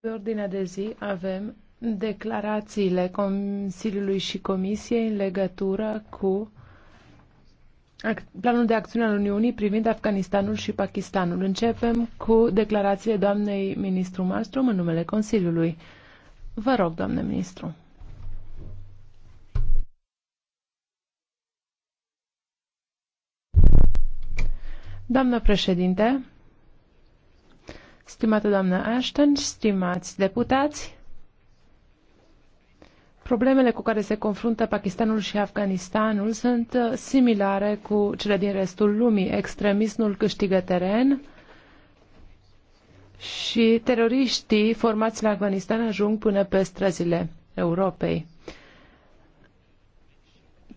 Pe ordinea de zi avem declarațiile Consiliului și Comisiei în legătură cu planul de acțiune al Uniunii privind Afganistanul și Pakistanul. Începem cu declarațiile doamnei ministru Malmström în numele Consiliului. Vă rog, doamne ministru. Doamnă președinte, Stimată doamnă Ashton, stimați deputați, problemele cu care se confruntă Pakistanul și Afganistanul sunt uh, similare cu cele din restul lumii. Extremismul câștigă teren și teroriștii formați la Afganistan ajung până pe străzile Europei.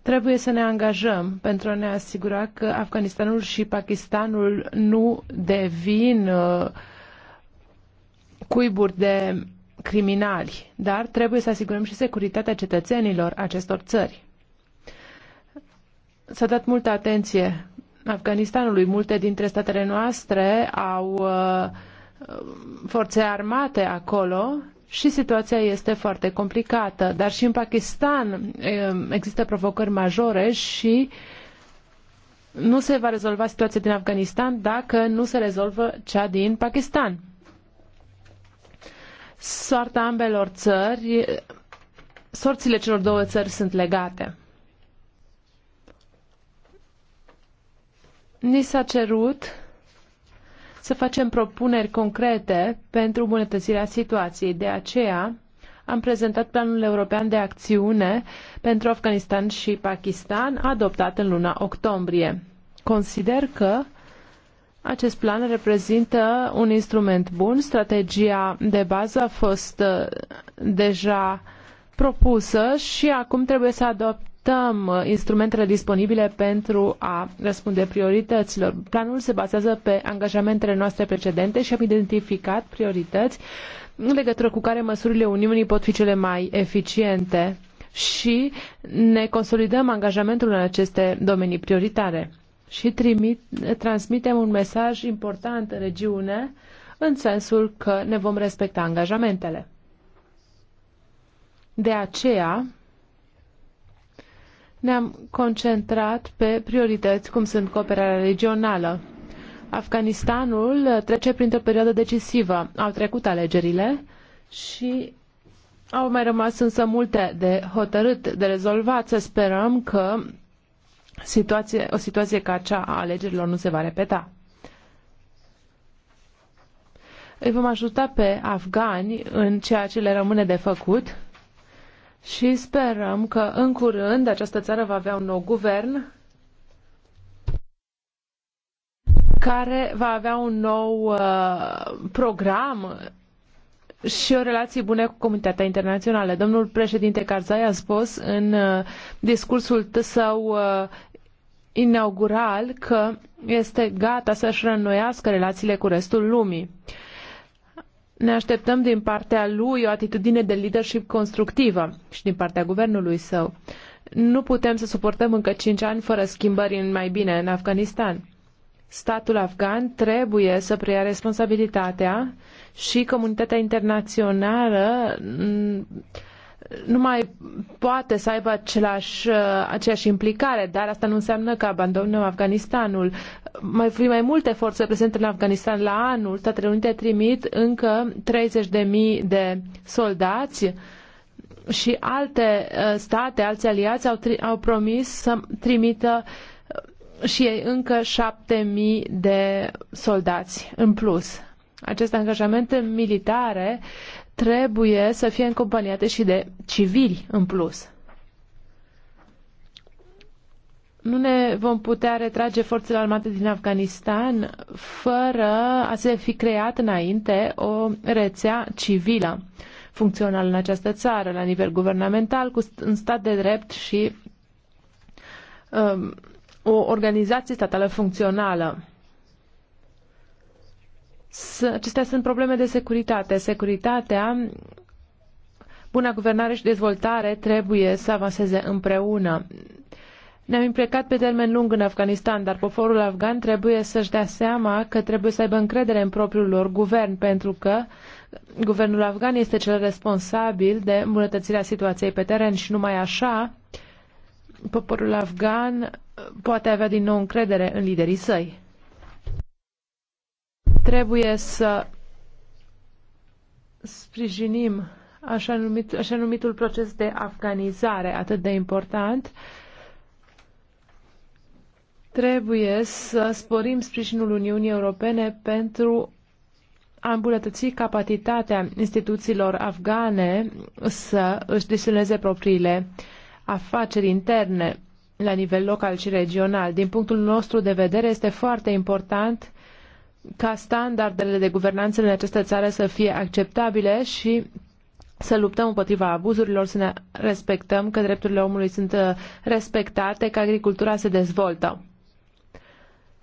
Trebuie să ne angajăm pentru a ne asigura că Afganistanul și Pakistanul nu devin uh, cuiburi de criminali, dar trebuie să asigurăm și securitatea cetățenilor acestor țări. S-a dat multă atenție Afganistanului. Multe dintre statele noastre au uh, forțe armate acolo și situația este foarte complicată. Dar și în Pakistan uh, există provocări majore și nu se va rezolva situația din Afganistan dacă nu se rezolvă cea din Pakistan soarta ambelor țări, sorțile celor două țări sunt legate. Ni s-a cerut să facem propuneri concrete pentru îmbunătățirea situației. De aceea am prezentat Planul European de Acțiune pentru Afganistan și Pakistan, adoptat în luna octombrie. Consider că acest plan reprezintă un instrument bun. Strategia de bază a fost uh, deja propusă și acum trebuie să adoptăm uh, instrumentele disponibile pentru a răspunde priorităților. Planul se bazează pe angajamentele noastre precedente și am identificat priorități în legătură cu care măsurile Uniunii pot fi cele mai eficiente și ne consolidăm angajamentul în aceste domenii prioritare și trimit, transmitem un mesaj important în regiune în sensul că ne vom respecta angajamentele. De aceea ne-am concentrat pe priorități cum sunt cooperarea regională. Afganistanul trece printr-o perioadă decisivă. Au trecut alegerile și au mai rămas însă multe de hotărât, de rezolvat. Să sperăm că situație, o situație ca cea a alegerilor nu se va repeta. Îi vom ajuta pe afgani în ceea ce le rămâne de făcut și sperăm că în curând această țară va avea un nou guvern care va avea un nou uh, program și o relație bună cu comunitatea internațională. Domnul președinte Karzai a spus în uh, discursul său uh, inaugural că este gata să-și reînnoiască relațiile cu restul lumii. Ne așteptăm din partea lui o atitudine de leadership constructivă și din partea guvernului său. Nu putem să suportăm încă cinci ani fără schimbări în mai bine în Afganistan. Statul afgan trebuie să preia responsabilitatea și comunitatea internațională nu mai poate să aibă același, uh, aceeași implicare, dar asta nu înseamnă că abandonăm Afganistanul. Mai fi mai multe forțe prezente în Afganistan la anul. Statele Unite trimit încă 30.000 de soldați și alte uh, state, alți aliați au, tri- au promis să trimită uh, și ei încă 7.000 de soldați în plus. Aceste angajamente militare trebuie să fie încompaniate și de civili în plus. Nu ne vom putea retrage forțele armate din Afganistan fără a se fi creat înainte o rețea civilă funcțională în această țară, la nivel guvernamental, cu, în stat de drept și um, o organizație statală funcțională acestea sunt probleme de securitate. Securitatea, buna guvernare și dezvoltare trebuie să avanseze împreună. Ne-am implicat pe termen lung în Afganistan, dar poporul afgan trebuie să-și dea seama că trebuie să aibă încredere în propriul lor guvern, pentru că guvernul afgan este cel responsabil de îmbunătățirea situației pe teren și numai așa poporul afgan poate avea din nou încredere în liderii săi trebuie să sprijinim așa, numit, așa numitul proces de afganizare atât de important. Trebuie să sporim sprijinul Uniunii Europene pentru a îmbunătăți capacitatea instituțiilor afgane să își gestioneze propriile afaceri interne la nivel local și regional. Din punctul nostru de vedere, este foarte important ca standardele de guvernanță în această țară să fie acceptabile și să luptăm împotriva abuzurilor, să ne respectăm că drepturile omului sunt uh, respectate, că agricultura se dezvoltă.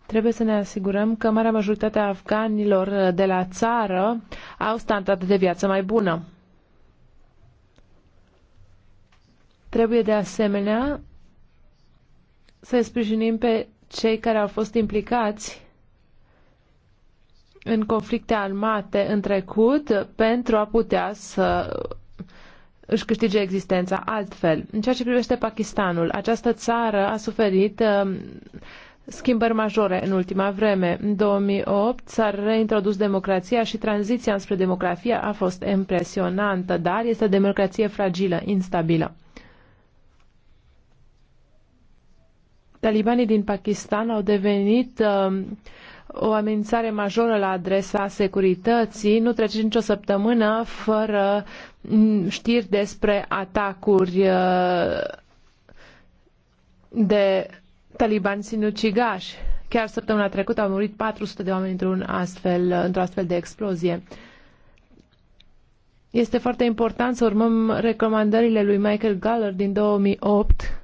Trebuie să ne asigurăm că marea majoritate a afganilor uh, de la țară au standarde de viață mai bună. Trebuie de asemenea să sprijinim pe cei care au fost implicați în conflicte armate în trecut pentru a putea să își câștige existența altfel. În ceea ce privește Pakistanul, această țară a suferit um, schimbări majore în ultima vreme. În 2008 s-a reintrodus democrația și tranziția spre democrație a fost impresionantă, dar este o democrație fragilă, instabilă. Talibanii din Pakistan au devenit uh, o amenințare majoră la adresa securității. Nu trece nicio săptămână fără știri despre atacuri uh, de talibani sinucigași. Chiar săptămâna trecută au murit 400 de oameni într-un astfel, într-o astfel de explozie. Este foarte important să urmăm recomandările lui Michael Galler din 2008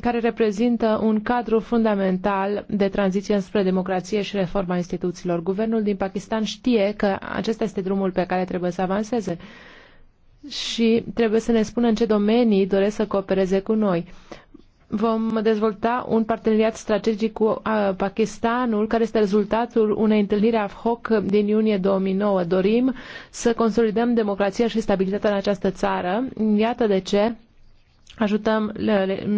care reprezintă un cadru fundamental de tranziție spre democrație și reforma instituțiilor. Guvernul din Pakistan știe că acesta este drumul pe care trebuie să avanseze și trebuie să ne spună în ce domenii doresc să coopereze cu noi. Vom dezvolta un parteneriat strategic cu Pakistanul, care este rezultatul unei întâlniri a hoc din iunie 2009. Dorim să consolidăm democrația și stabilitatea în această țară. Iată de ce ajutăm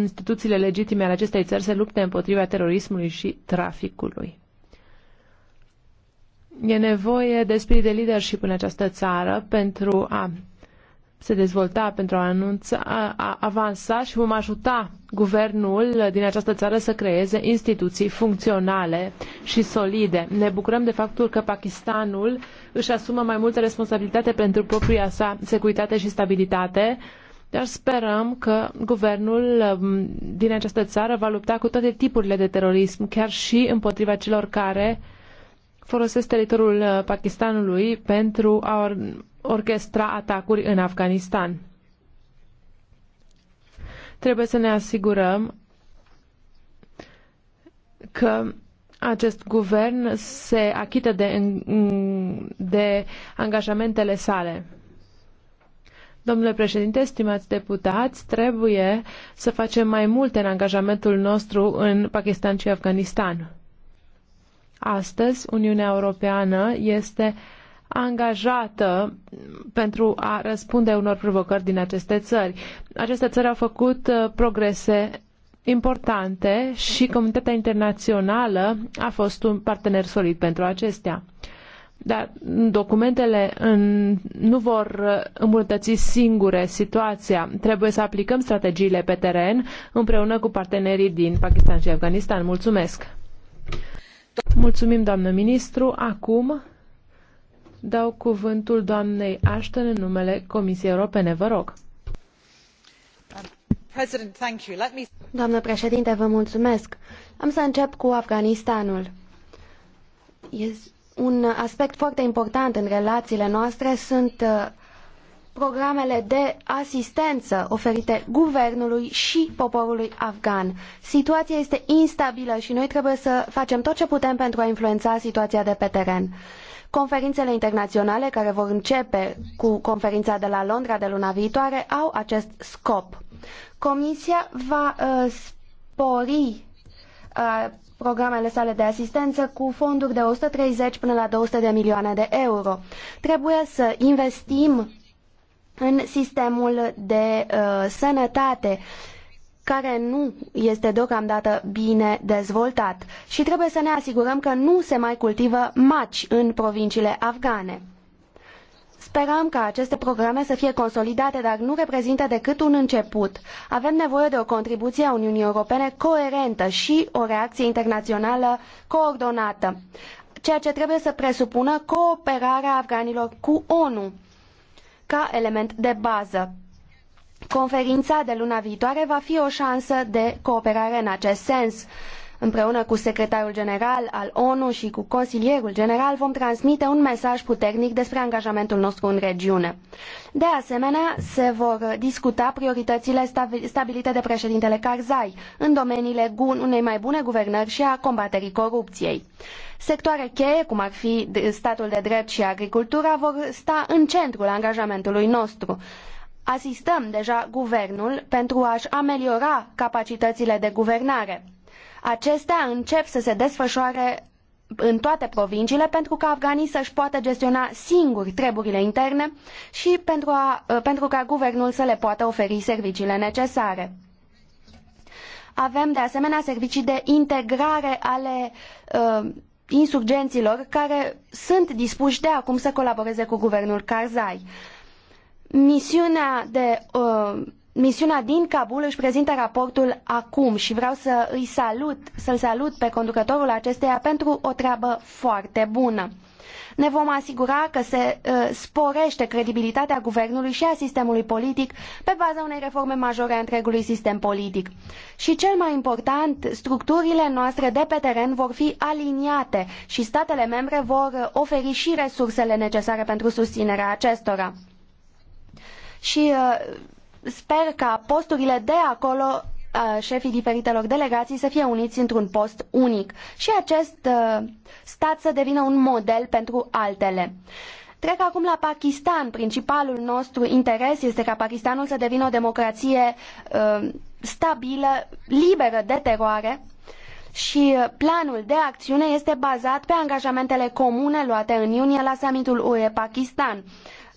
instituțiile legitime ale acestei țări să lupte împotriva terorismului și traficului. E nevoie de spirit de leadership în această țară pentru a se dezvolta, pentru a, anunța, a, a avansa și vom ajuta guvernul din această țară să creeze instituții funcționale și solide. Ne bucurăm de faptul că Pakistanul își asumă mai multă responsabilitate pentru propria sa securitate și stabilitate, uh, dar sperăm că guvernul um, din această țară va lupta cu toate tipurile de terorism, chiar și împotriva celor care folosesc teritoriul uh, Pakistanului pentru a orchestra atacuri în Afganistan. Trebuie să ne asigurăm că acest guvern se achită de, de angajamentele sale. Domnule președinte, stimați deputați, trebuie să facem mai multe în angajamentul nostru în Pakistan și Afganistan. Astăzi, Uniunea Europeană este angajată pentru a răspunde unor provocări din aceste țări. Aceste țări au făcut uh, progrese importante și comunitatea internațională a fost un partener solid pentru acestea. Dar documentele în, nu vor îmbunătăți singure situația. Trebuie să aplicăm strategiile pe teren împreună cu partenerii din Pakistan și Afganistan. Mulțumesc! Mulțumim, doamnă ministru. Acum dau cuvântul doamnei Ashton în numele Comisiei Europene. Vă rog. Doamnă președinte, vă mulțumesc. Am să încep cu Afganistanul. Este un aspect foarte important în relațiile noastre sunt uh, programele de asistență oferite guvernului și poporului afgan. Situația este instabilă și noi trebuie să facem tot ce putem pentru a influența situația de pe teren. Conferințele internaționale care vor începe cu conferința de la Londra de luna viitoare au acest scop. Comisia va uh, spori uh, programele sale de asistență cu fonduri de 130 până la 200 de milioane de euro. Trebuie să investim în sistemul de uh, sănătate care nu este deocamdată bine dezvoltat și trebuie să ne asigurăm că nu se mai cultivă maci în provinciile afgane. Sperăm ca aceste programe să fie consolidate, dar nu reprezintă decât un început. Avem nevoie de o contribuție a Uniunii Europene coerentă și o reacție internațională coordonată, ceea ce trebuie să presupună cooperarea afganilor cu ONU ca element de bază. Conferința de luna viitoare va fi o șansă de cooperare în acest sens. Împreună cu secretarul general al ONU și cu consilierul general vom transmite un mesaj puternic despre angajamentul nostru în regiune. De asemenea, se vor discuta prioritățile stabilite de președintele Karzai în domeniile unei mai bune guvernări și a combaterii corupției. Sectoare cheie, cum ar fi statul de drept și agricultura, vor sta în centrul angajamentului nostru. Asistăm deja guvernul pentru a-și ameliora capacitățile de guvernare Acestea încep să se desfășoare în toate provinciile pentru ca afganii să-și poată gestiona singuri treburile interne și pentru, a, uh, pentru ca guvernul să le poată oferi serviciile necesare. Avem de asemenea servicii de integrare ale uh, insurgenților care sunt dispuși de acum să colaboreze cu guvernul Karzai. Misiunea de uh, Misiunea din Kabul își prezintă raportul acum și vreau să îi salut, să-l salut pe conducătorul acesteia pentru o treabă foarte bună. Ne vom asigura că se uh, sporește credibilitatea guvernului și a sistemului politic pe baza unei reforme majore a întregului sistem politic. Și cel mai important, structurile noastre de pe teren vor fi aliniate și statele membre vor oferi și resursele necesare pentru susținerea acestora. Și uh, Sper ca posturile de acolo, uh, șefii diferitelor delegații, să fie uniți într-un post unic și acest uh, stat să devină un model pentru altele. Trec acum la Pakistan. Principalul nostru interes este ca Pakistanul să devină o democrație uh, stabilă, liberă de teroare și planul de acțiune este bazat pe angajamentele comune luate în iunie la summitul UE-Pakistan.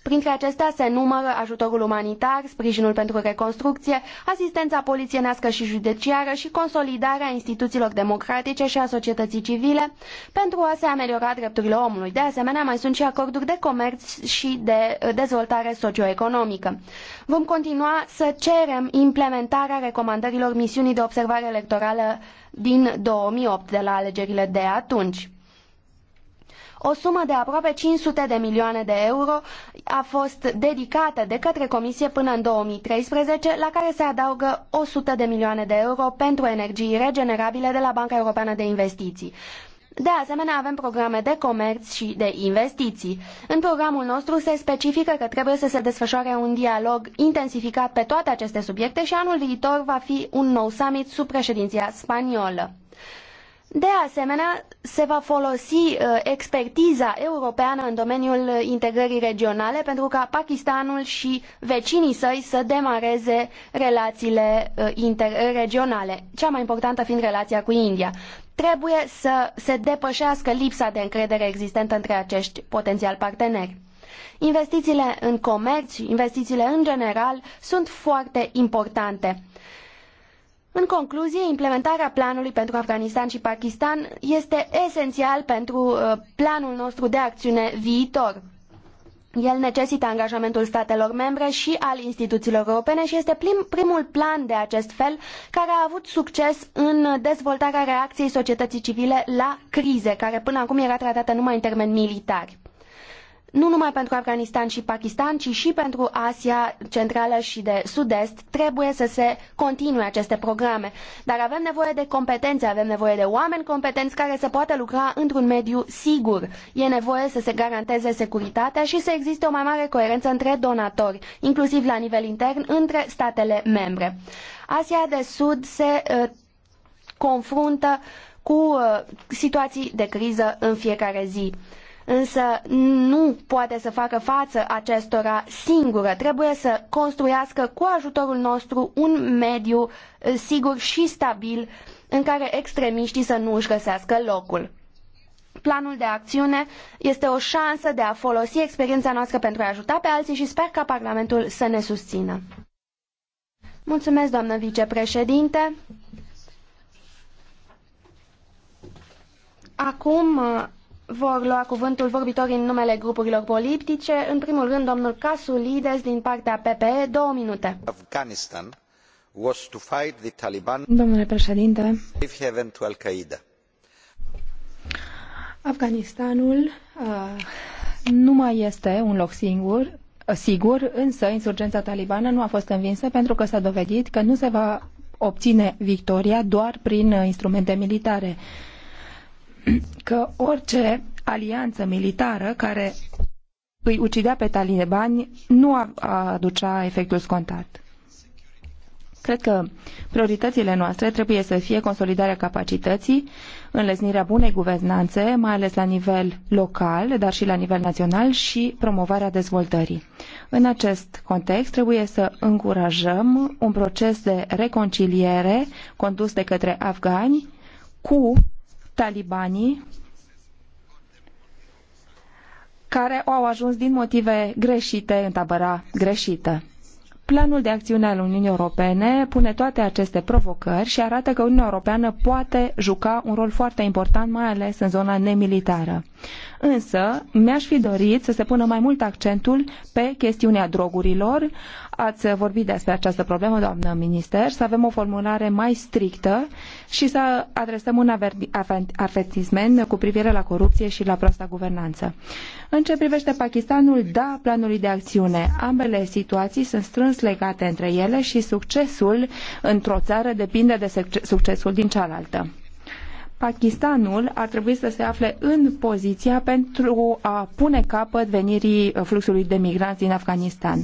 Printre acestea se numără ajutorul umanitar, sprijinul pentru reconstrucție, asistența polițienească și judiciară și consolidarea instituțiilor democratice și a societății civile pentru a se ameliora drepturile omului. De asemenea, mai sunt și acorduri de comerț și de uh, dezvoltare socioeconomică. Vom continua să cerem implementarea recomandărilor misiunii de observare electorală din 2008 de la alegerile de atunci. O sumă de aproape 500 de milioane de euro a fost dedicată de către Comisie până în 2013, la care se adaugă 100 de milioane de euro pentru energii regenerabile de la Banca Europeană de Investiții. De asemenea, avem programe de comerț și de investiții. În programul nostru se specifică că trebuie să se desfășoare un dialog intensificat pe toate aceste subiecte și anul viitor va fi un nou summit sub președinția spaniolă. De asemenea, se va folosi uh, expertiza europeană în domeniul integrării regionale pentru ca Pakistanul și vecinii săi să demareze relațiile uh, interregionale, cea mai importantă fiind relația cu India. Trebuie să se depășească lipsa de încredere existentă între acești potențial parteneri. Investițiile în comerț, investițiile în general, sunt foarte importante. În concluzie, implementarea planului pentru Afganistan și Pakistan este esențial pentru uh, planul nostru de acțiune viitor. El necesită angajamentul statelor membre și al instituțiilor europene și este prim, primul plan de acest fel care a avut succes în dezvoltarea reacției societății civile la crize, care până acum era tratată numai în termeni militari nu numai pentru Afganistan și Pakistan, ci și pentru Asia Centrală și de Sud-Est, trebuie să se continue aceste programe. Dar avem nevoie de competențe, avem nevoie de oameni competenți care să poată lucra într-un mediu sigur. E nevoie să se garanteze securitatea și să existe o mai mare coerență între donatori, inclusiv la nivel intern, între statele membre. Asia de Sud se uh, confruntă cu uh, situații de criză în fiecare zi însă nu poate să facă față acestora singură. Trebuie să construiască cu ajutorul nostru un mediu eh, sigur și stabil în care extremiștii să nu își găsească locul. Planul de acțiune este o șansă de a folosi experiența noastră pentru a ajuta pe alții și sper ca Parlamentul să ne susțină. Mulțumesc, doamnă vicepreședinte. Acum eh, vor lua cuvântul vorbitorii în numele grupurilor politice. În primul rând, domnul Casulides din partea PPE, două minute. Afghanistan was to fight the Taliban. Domnule președinte, safe haven to Al-Qaeda. Afganistanul uh, nu mai este un loc singur, uh, sigur, însă insurgența talibană nu a fost învinsă pentru că s-a dovedit că nu se va obține victoria doar prin uh, instrumente militare. Uh, că orice alianță militară care îi ucidea pe talibani nu a, a aducea efectul scontat. Cred că prioritățile noastre trebuie să fie consolidarea capacității, înlesnirea bunei guvernanțe, mai ales la nivel local, dar și la nivel național și promovarea dezvoltării. În acest context, trebuie să încurajăm un proces de reconciliere condus de către afgani cu talibanii care au ajuns din motive greșite în tabăra greșită. Planul de acțiune al Uniunii Europene pune toate aceste provocări și arată că Uniunea Europeană poate juca un rol foarte important, mai ales în zona nemilitară. Însă, mi-aș fi dorit să se pună mai mult accentul pe chestiunea drogurilor. Ați vorbit despre această problemă, doamnă minister, să avem o formulare mai strictă și să adresăm un avertisment cu privire la corupție și la proasta guvernanță. În ce privește Pakistanul, da, planului de acțiune. Ambele situații sunt strâns legate între ele și succesul într-o țară depinde de succesul din cealaltă. Pakistanul ar trebui să se afle în poziția pentru a pune capăt venirii fluxului de migranți din Afganistan.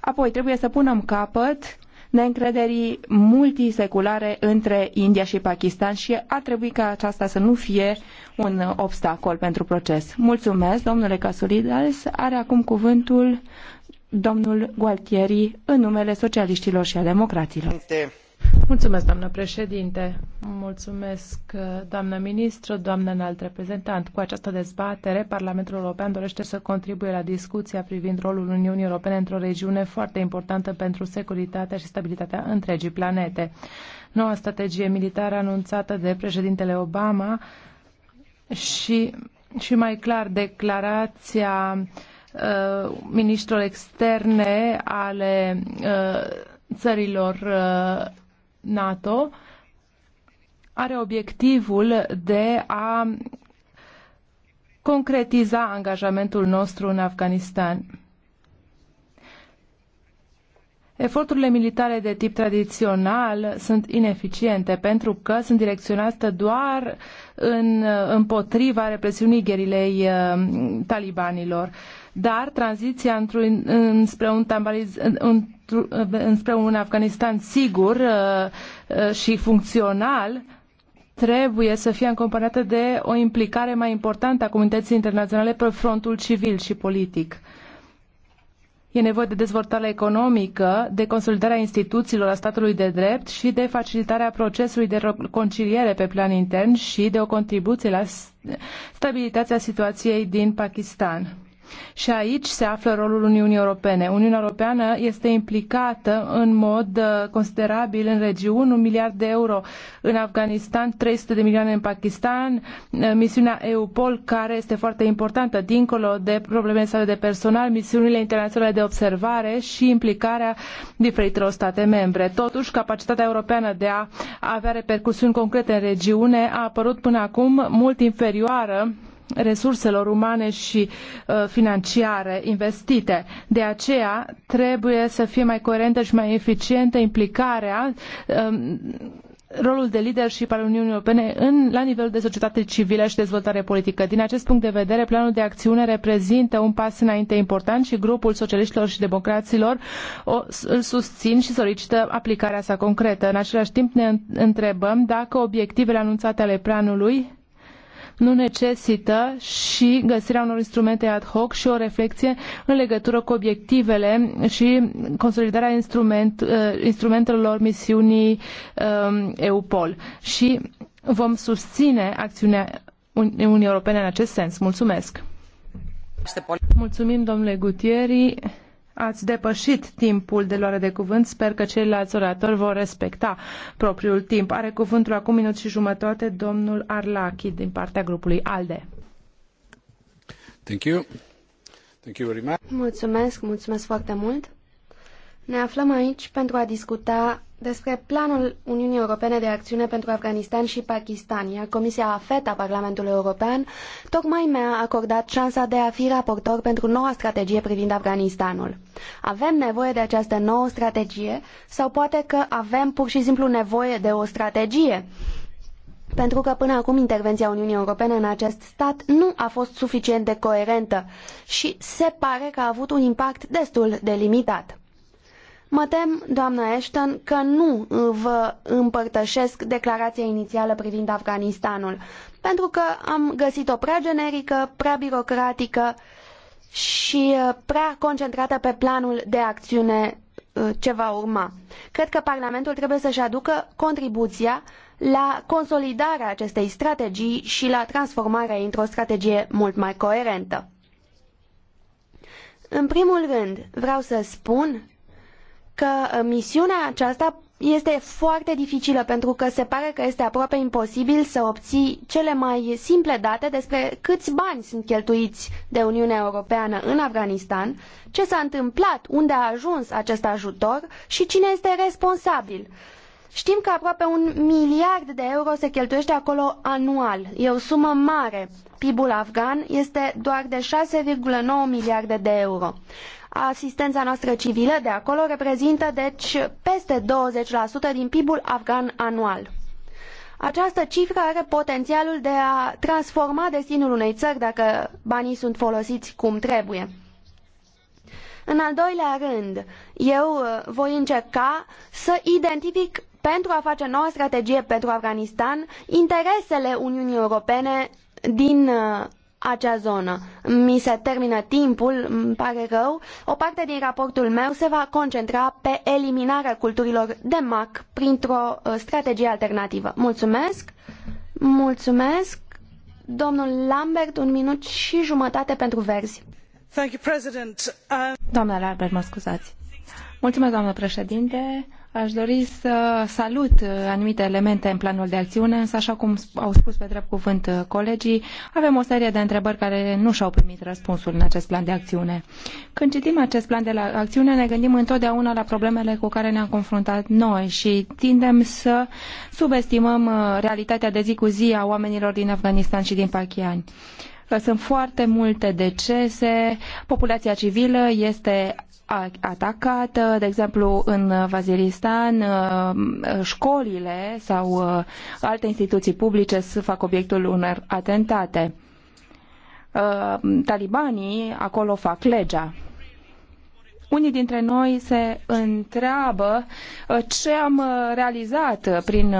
Apoi trebuie să punem capăt neîncrederii multiseculare între India și Pakistan și ar trebui ca aceasta să nu fie un obstacol pentru proces. Mulțumesc, domnule Casulides. Are acum cuvântul domnul Gualtieri în numele socialiștilor și a democraților. Mulțumesc, doamnă președinte. Mulțumesc, uh, doamnă ministru, doamnă înalt reprezentant. Cu această dezbatere, Parlamentul European dorește să contribuie la discuția privind rolul Uniunii Europene într-o regiune foarte importantă pentru securitatea și stabilitatea întregii planete. Noua strategie militară anunțată de președintele Obama și, și mai clar declarația uh, ministrilor externe ale uh, țărilor uh, NATO are obiectivul de a concretiza angajamentul nostru în Afganistan. Eforturile militare de tip tradițional sunt ineficiente pentru că sunt direcționate doar în, împotriva represiunii gherilei uh, talibanilor dar tranziția înspre un, tambaliz, în, înspre un Afganistan sigur uh, uh, și funcțional trebuie să fie acompaniată de o implicare mai importantă a comunității internaționale pe frontul civil și politic. E nevoie de dezvoltare economică, de consolidarea instituțiilor a statului de drept și de facilitarea procesului de conciliere pe plan intern și de o contribuție la stabilitatea situației din Pakistan. Și aici se află rolul Uniunii Europene. Uniunea Europeană este implicată în mod uh, considerabil în regiuni, un miliard de euro în Afganistan, 300 de milioane în Pakistan, uh, misiunea EUPOL, care este foarte importantă, dincolo de probleme sale de personal, misiunile internaționale de observare și implicarea diferitelor state membre. Totuși, capacitatea europeană de a avea repercusiuni concrete în regiune a apărut până acum mult inferioară resurselor umane și uh, financiare investite. De aceea trebuie să fie mai coerentă și mai eficientă implicarea um, rolul de leadership al Uniunii Europene în, la nivel de societate civilă și dezvoltare politică. Din acest punct de vedere, planul de acțiune reprezintă un pas înainte important și grupul socialiștilor și democraților o, îl susțin și solicită aplicarea sa concretă. În același timp ne întrebăm dacă obiectivele anunțate ale planului nu necesită și găsirea unor instrumente ad hoc și o reflexie în legătură cu obiectivele și consolidarea instrument, uh, instrumentelor misiunii um, EUPOL. Și vom susține acțiunea Uniunii Europene în acest sens. Mulțumesc! Mulțumim, domnule Gutieri. Ați depășit timpul de luare de cuvânt. Sper că ceilalți oratori vor respecta propriul timp. Are cuvântul acum minut și jumătate domnul Arlachi din partea grupului ALDE. Thank you. Thank you very much. Mulțumesc, mulțumesc foarte mult. Ne aflăm aici pentru a discuta despre planul Uniunii Europene de acțiune pentru Afganistan și Pakistan, iar Comisia AFET a Parlamentului European tocmai mi-a acordat șansa de a fi raportor pentru noua strategie privind Afganistanul. Avem nevoie de această nouă strategie sau poate că avem pur și simplu nevoie de o strategie? pentru că până acum intervenția Uniunii Europene în acest stat nu a fost suficient de coerentă și se pare că a avut un impact destul de limitat. Mă tem, doamnă Ashton, că nu uh, vă împărtășesc declarația inițială privind Afganistanul, pentru că am găsit-o prea generică, prea birocratică și uh, prea concentrată pe planul de acțiune uh, ce va urma. Cred că Parlamentul trebuie să-și aducă contribuția la consolidarea acestei strategii și la transformarea într-o strategie mult mai coerentă. În primul rând, vreau să spun că uh, misiunea aceasta este foarte dificilă pentru că se pare că este aproape imposibil să obții cele mai simple date despre câți bani sunt cheltuiți de Uniunea Europeană în Afganistan, ce s-a întâmplat, unde a ajuns acest ajutor și cine este responsabil. Știm că aproape un miliard de euro se cheltuiește acolo anual. E o sumă mare. PIB-ul afgan este doar de 6,9 miliarde de euro. Asistența noastră civilă de acolo reprezintă deci peste 20% din PIB-ul afgan anual. Această cifră are potențialul de a transforma destinul unei țări dacă banii sunt folosiți cum trebuie. În al doilea rând, eu uh, voi încerca să identific pentru a face noua strategie pentru Afganistan interesele Uniunii Europene din uh, acea zonă. Mi se termină timpul, îmi pare rău. O parte din raportul meu se va concentra pe eliminarea culturilor de MAC printr-o uh, strategie alternativă. Mulțumesc! Mulțumesc! Domnul Lambert, un minut și jumătate pentru verzi. Thank you, President. Uh... Doamna Lambert, mă scuzați. Mulțumesc, doamnă președinte. Aș dori să salut uh, anumite elemente în planul de acțiune, însă așa cum au spus pe drept cuvânt uh, colegii, avem o serie de întrebări care nu și-au primit răspunsul în acest plan de acțiune. Când citim acest plan de acțiune, ne gândim întotdeauna la problemele cu care ne-am confruntat noi și tindem să subestimăm uh, realitatea de zi cu zi a oamenilor din Afganistan și din Pakistan. Sunt foarte multe decese, populația civilă este atacată, de exemplu în Vaziristan uh, școlile sau uh, alte instituții publice fac obiectul unor atentate. Uh, talibanii acolo fac legea unii dintre noi se întreabă uh, ce am uh, realizat uh, prin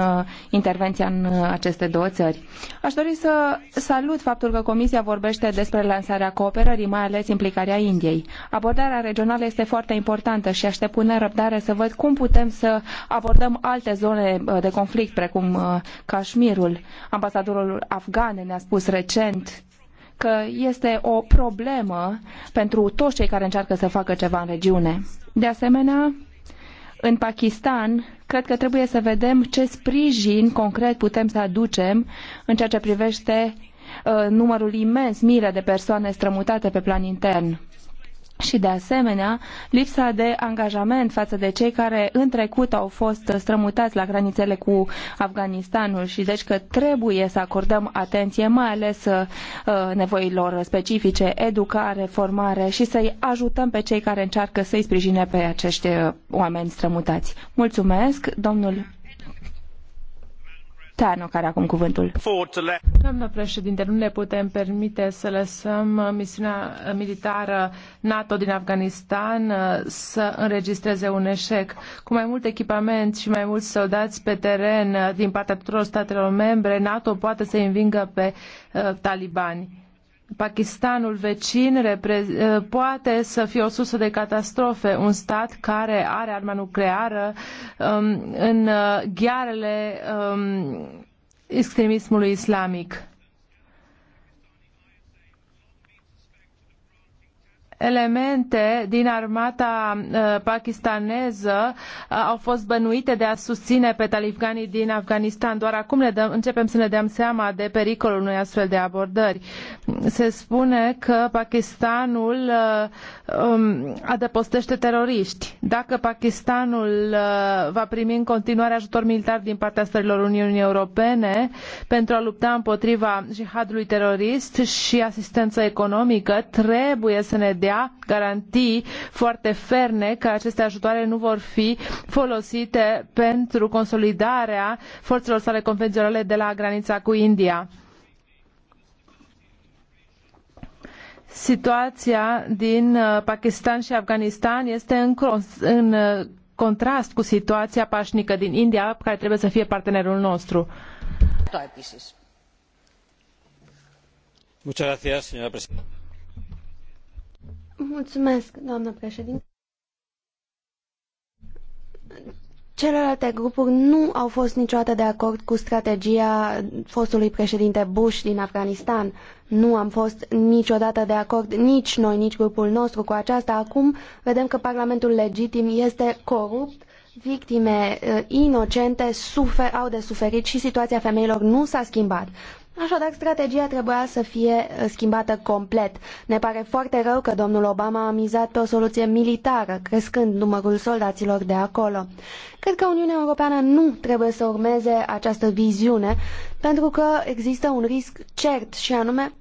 intervenția în aceste două țări. Aș dori să salut faptul că Comisia vorbește despre lansarea cooperării, mai ales implicarea Indiei. Abordarea regională este foarte importantă și aștept cu nerăbdare să văd cum putem să abordăm alte zone de conflict, precum Kashmirul. Ambasadorul afgan ne-a spus recent că este o problemă pentru toți cei care încearcă să facă ceva în regiune. De asemenea, în Pakistan, cred că trebuie să vedem ce sprijin concret putem să aducem în ceea ce privește uh, numărul imens, miile de persoane strămutate pe plan intern și, de asemenea, lipsa de angajament față de cei care în trecut au fost strămutați la granițele cu Afganistanul și deci că trebuie să acordăm atenție, mai ales uh, nevoilor specifice, educare, formare și să-i ajutăm pe cei care încearcă să-i sprijine pe acești uh, oameni strămutați. Mulțumesc, domnul care acum cuvântul. Doamnă președinte, nu ne putem permite să lăsăm misiunea militară NATO din Afganistan uh, să înregistreze un eșec. Cu mai mult echipament și mai mulți soldați pe teren uh, din partea tuturor statelor membre, NATO poate să învingă pe uh, talibani Pakistanul vecin eh, poate să fie o sursă de catastrofe, un stat care are arma nucleară um, în uh, ghearele um, extremismului islamic. elemente din armata uh, pakistaneză uh, au fost bănuite de a susține pe talibanii din Afganistan. Doar acum ne dăm, începem să ne dăm seama de pericolul unei astfel de abordări. Se spune că Pakistanul uh, um, adăpostește teroriști. Dacă Pakistanul va primi în continuare ajutor militar din partea stărilor Uniunii Europene pentru a lupta împotriva jihadului terorist și asistență economică, trebuie să ne dea putea garanti foarte ferne că aceste ajutoare nu vor fi folosite pentru consolidarea forțelor sale convenționale de la granița cu India. Situația din uh, Pakistan și Afganistan este în, în uh, contrast cu situația pașnică din India, care trebuie să fie partenerul nostru. Mulțumesc, Mulțumesc, doamnă președinte. Celelalte grupuri nu au fost niciodată de acord cu strategia fostului președinte Bush din Afganistan. Nu am fost niciodată de acord nici noi, nici grupul nostru cu aceasta. Acum vedem că Parlamentul legitim este corupt, victime uh, inocente sufer, au de suferit și situația femeilor nu s-a schimbat. Așadar, strategia trebuia să fie uh, schimbată complet. Ne pare foarte rău că domnul Obama a mizat pe o soluție militară, crescând numărul soldaților de acolo. Cred că Uniunea Europeană nu trebuie să urmeze această viziune, pentru că există un risc cert și anume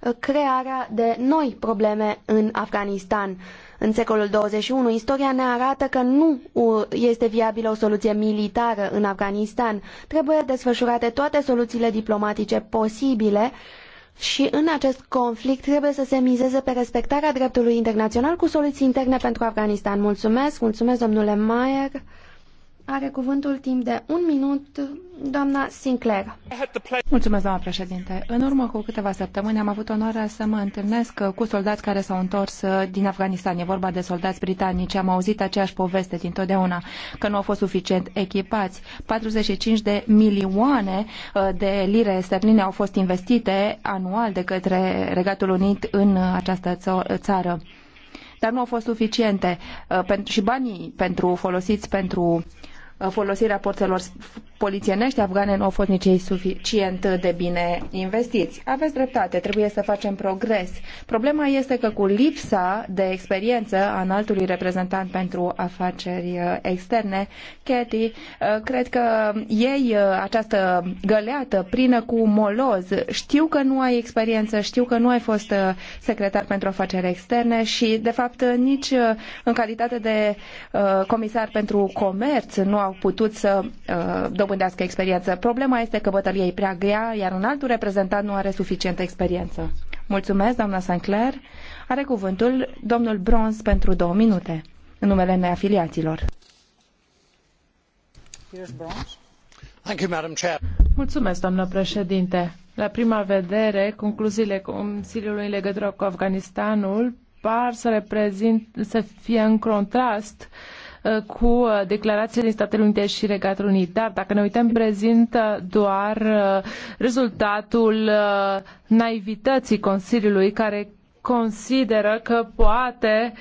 uh, crearea de noi probleme în Afganistan în secolul 21. Istoria ne arată că nu este viabilă o soluție militară în Afganistan. Trebuie desfășurate toate soluțiile diplomatice posibile și în acest conflict trebuie să se mizeze pe respectarea dreptului internațional cu soluții interne pentru Afganistan. Mulțumesc, mulțumesc domnule Mayer. Are cuvântul timp de un minut doamna Sinclair. Mulțumesc, doamna președinte. În urmă cu câteva săptămâni am avut onoarea să mă întâlnesc cu soldați care s-au întors uh, din Afganistan. E vorba de soldați britanici. Am auzit aceeași poveste dintotdeauna, că nu au fost suficient echipați. 45 de milioane uh, de lire sterline au fost investite anual de către Regatul Unit în această țară dar nu au fost suficiente uh, și banii pentru folosiți pentru folosirea forțelor polițienești afgane nu au fost nici ei suficient de bine investiți. Aveți dreptate, trebuie să facem progres. Problema este că cu lipsa de experiență a înaltului reprezentant pentru afaceri uh, externe, Cathy, uh, cred că ei uh, această găleată prină cu moloz. Știu că nu ai experiență, știu că nu ai fost secretar pentru afaceri externe și, de fapt, nici în calitate de comisar pentru comerț nu au putut să dobândească experiență. Problema este că bătălia e prea grea, iar un altul reprezentant nu are suficientă experiență. Mulțumesc, doamna Sinclair. Are cuvântul domnul Bronz pentru două minute, în numele neafiliaților. Mulțumesc, doamnă președinte. La prima vedere, concluziile Consiliului în legătură cu Afganistanul par să, reprezint, să fie în contrast uh, Uh, cu uh, declarațiile din Statele Unite și Regatul Unit. Dar dacă ne uităm, prezintă doar uh, rezultatul naivității Consiliului care consideră că poate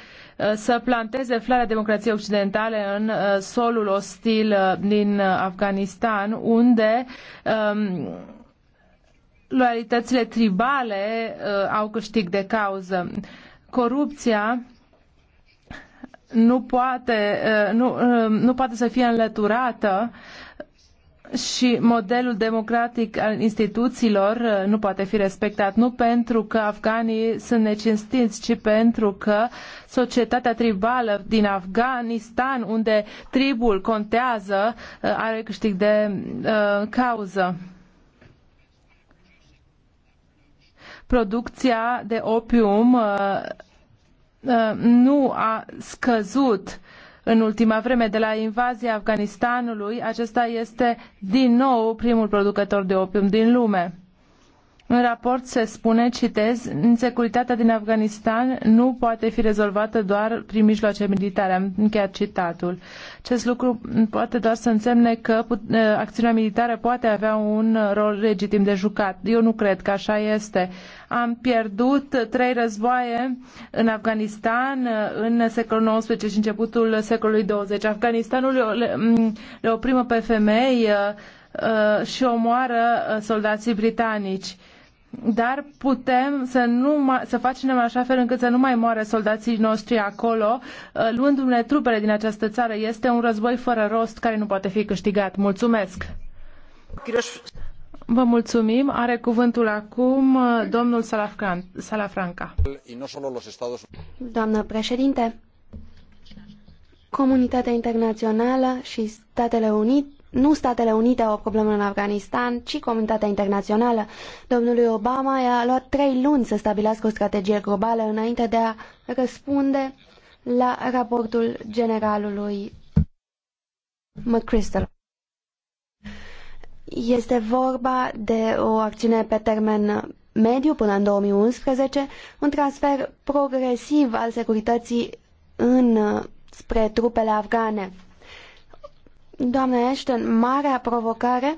să planteze floarea democrației occidentale în solul ostil din Afganistan, unde um, loialitățile tribale uh, au câștig de cauză. Corupția nu poate, nu, nu poate să fie înlăturată și modelul democratic al instituțiilor nu poate fi respectat, nu pentru că afganii sunt necinstiți, ci pentru că societatea tribală din Afganistan, unde tribul contează, are câștig de uh, cauză. Producția de opium uh, Uh, nu a scăzut în ultima vreme de la invazia Afganistanului. Acesta este din nou primul producător de opium din lume. În raport se spune, citez, insecuritatea din Afganistan nu poate fi rezolvată doar prin mijloace militare. Am încheiat citatul. Acest lucru poate doar să însemne că eh, acțiunea militară poate avea un rol legitim de jucat. Eu nu cred că așa este. Am pierdut trei războaie în Afganistan eh, în secolul XIX și începutul secolului 20. Afganistanul le, mm, le oprimă pe femei eh, și omoară soldații britanici dar putem să, nu, să facem așa fel încât să nu mai moare soldații noștri acolo, uh, luându-ne trupele din această țară. Este un război fără rost care nu poate fi câștigat. Mulțumesc! Vă mulțumim. Are cuvântul acum uh, domnul Salafranca. Doamnă președinte, comunitatea internațională și Statele Unite nu Statele Unite au o problemă în Afganistan, ci comunitatea internațională. Domnului Obama i-a luat trei luni să stabilească o strategie globală înainte de a răspunde la raportul generalului McChrystal. Este vorba de o acțiune pe termen mediu până în 2011, un transfer progresiv al securității în, spre trupele afgane. Doamna Ashton, marea provocare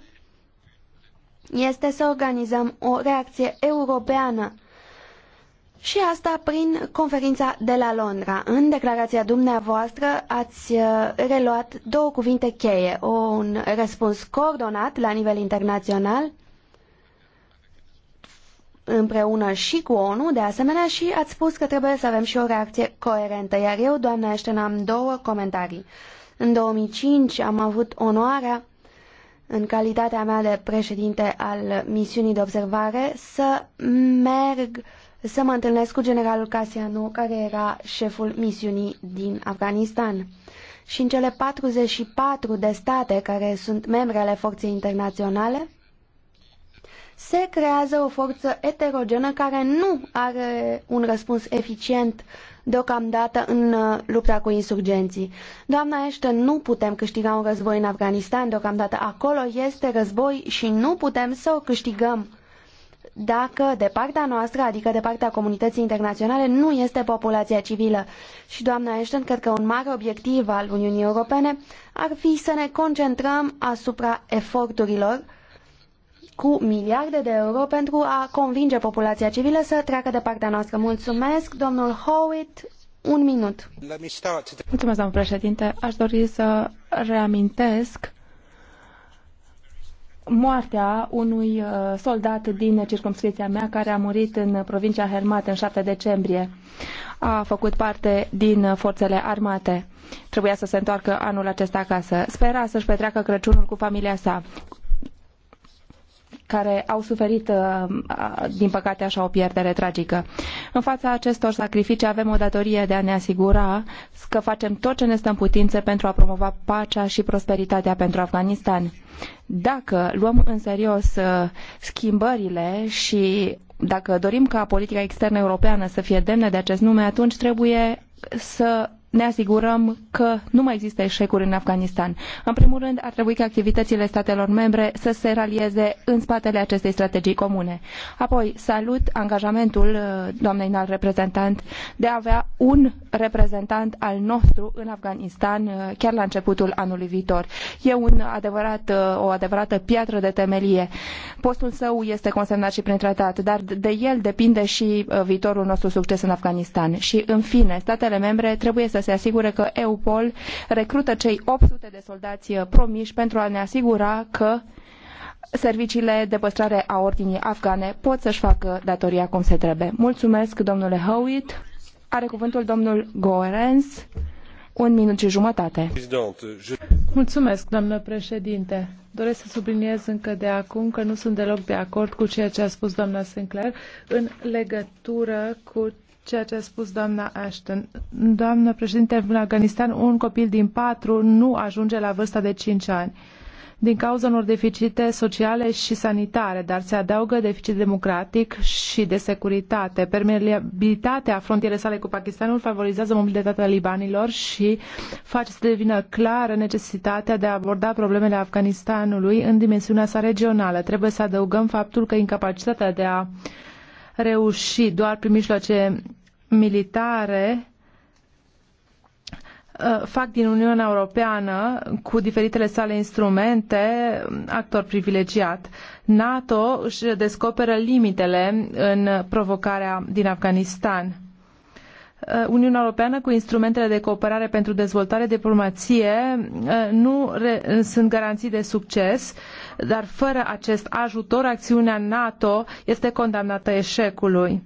este să organizăm o reacție europeană și asta prin conferința de la Londra. În declarația dumneavoastră ați uh, reluat două cuvinte cheie, un răspuns coordonat la nivel internațional împreună și cu ONU, de asemenea, și ați spus că trebuie să avem și o reacție coerentă. Iar eu, doamna Ashton, am două comentarii. În 2005 am avut onoarea, în calitatea mea de președinte al misiunii de observare, să merg să mă întâlnesc cu generalul Casianu, care era șeful misiunii din Afganistan. Și în cele 44 de state care sunt membre ale forței internaționale, se creează o forță eterogenă care nu are un răspuns eficient deocamdată în uh, lupta cu insurgenții. Doamna Ashton, nu putem câștiga un război în Afganistan, deocamdată acolo este război și nu putem să o câștigăm dacă de partea noastră, adică de partea comunității internaționale, nu este populația civilă. Și, doamna Ashton, cred că un mare obiectiv al Uniunii Europene ar fi să ne concentrăm asupra eforturilor cu miliarde de euro pentru a convinge populația civilă să treacă de partea noastră. Mulțumesc, domnul Howitt. Un minut. Mulțumesc, doamnă președinte. Aș dori să reamintesc moartea unui uh, soldat din circumscripția mea care a murit în provincia Hermat în 7 decembrie. A făcut parte din forțele armate. Trebuia să se întoarcă anul acesta acasă. Spera să-și petreacă Crăciunul cu familia sa care au suferit, uh, uh, din păcate, așa o pierdere tragică. În fața acestor sacrificii avem o datorie de a ne asigura că facem tot ce ne stă în putință pentru a promova pacea și prosperitatea pentru Afganistan. Dacă luăm în serios uh, schimbările și dacă dorim ca politica externă europeană să fie demnă de acest nume, atunci trebuie să ne asigurăm că nu mai există eșecuri în Afganistan. În primul rând, ar trebui ca activitățile statelor membre să se ralieze în spatele acestei strategii comune. Apoi, salut angajamentul uh, doamnei înalt reprezentant de a avea un reprezentant al nostru în Afganistan uh, chiar la începutul anului viitor. E un adevărat, uh, o adevărată piatră de temelie. Postul său este consemnat și prin tratat, dar de el depinde și viitorul nostru succes în Afganistan. Și, în fine, statele membre trebuie să să se asigure că EUPOL recrută cei 800 de soldați uh, promiși pentru a ne asigura că serviciile de păstrare a ordinii afgane pot să-și facă datoria cum se trebuie. Mulțumesc, domnule Howitt. Are cuvântul domnul Goerens. Un minut și jumătate. Mulțumesc, doamnă președinte. Doresc să subliniez încă de acum că nu sunt deloc de acord cu ceea ce a spus doamna Sinclair în legătură cu ceea ce a spus doamna Ashton. Doamnă președinte, în Afganistan un copil din patru nu ajunge la vârsta de 5 ani din cauza unor deficite sociale și sanitare, dar se adaugă deficit democratic și de securitate. Permeabilitatea frontierei sale cu Pakistanul favorizează mobilitatea libanilor și face să devină clară necesitatea de a aborda problemele Afganistanului în dimensiunea sa regională. Trebuie să adăugăm faptul că incapacitatea de a reuși doar prin mijloace militare uh, fac din Uniunea Europeană, cu diferitele sale instrumente, actor privilegiat. NATO își descoperă limitele în provocarea din Afganistan. Uh, Uniunea Europeană cu instrumentele de cooperare pentru dezvoltare diplomație uh, nu sunt garanții de succes, dar fără acest ajutor, acțiunea NATO este condamnată eșecului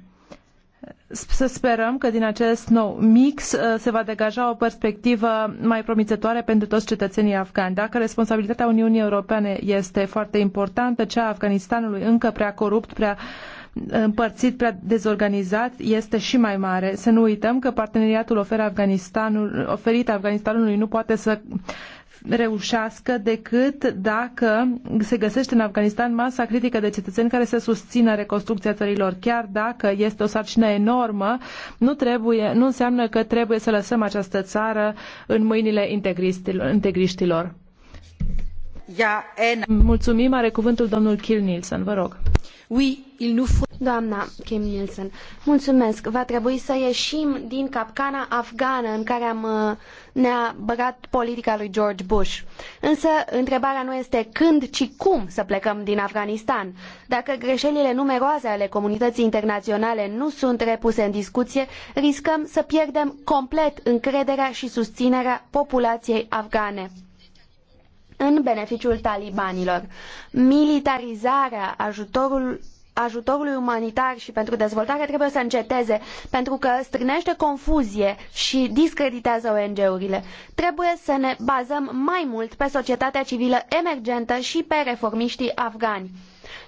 să sperăm că din acest nou mix uh, se va degaja o perspectivă mai promițătoare pentru toți cetățenii afgani. Dacă responsabilitatea Uniunii Europene este foarte importantă, cea a Afganistanului încă prea corupt, prea uh, împărțit, prea dezorganizat, este și mai mare. Să nu uităm că parteneriatul oferit Afganistanului nu poate să reușească decât dacă se găsește în Afganistan masa critică de cetățeni care să susțină reconstrucția țărilor. Chiar dacă este o sarcină enormă, nu, trebuie, nu înseamnă că trebuie să lăsăm această țară în mâinile integriștilor. Mulțumim, are cuvântul domnul Kilnilson, Nielsen, vă rog. Oui, il nous faut... Doamna Kim Nielsen, mulțumesc. Va trebui să ieșim din capcana afgană în care am, uh, ne-a băgat politica lui George Bush. Însă, întrebarea nu este când, ci cum să plecăm din Afganistan. Dacă greșelile numeroase ale comunității internaționale nu sunt repuse în discuție, riscăm să pierdem complet încrederea și susținerea populației afgane în beneficiul talibanilor. Militarizarea ajutorul ajutorului umanitar și pentru dezvoltare trebuie să înceteze, pentru că strânește confuzie și discreditează ONG-urile. Trebuie să ne bazăm mai mult pe societatea civilă emergentă și pe reformiștii afgani.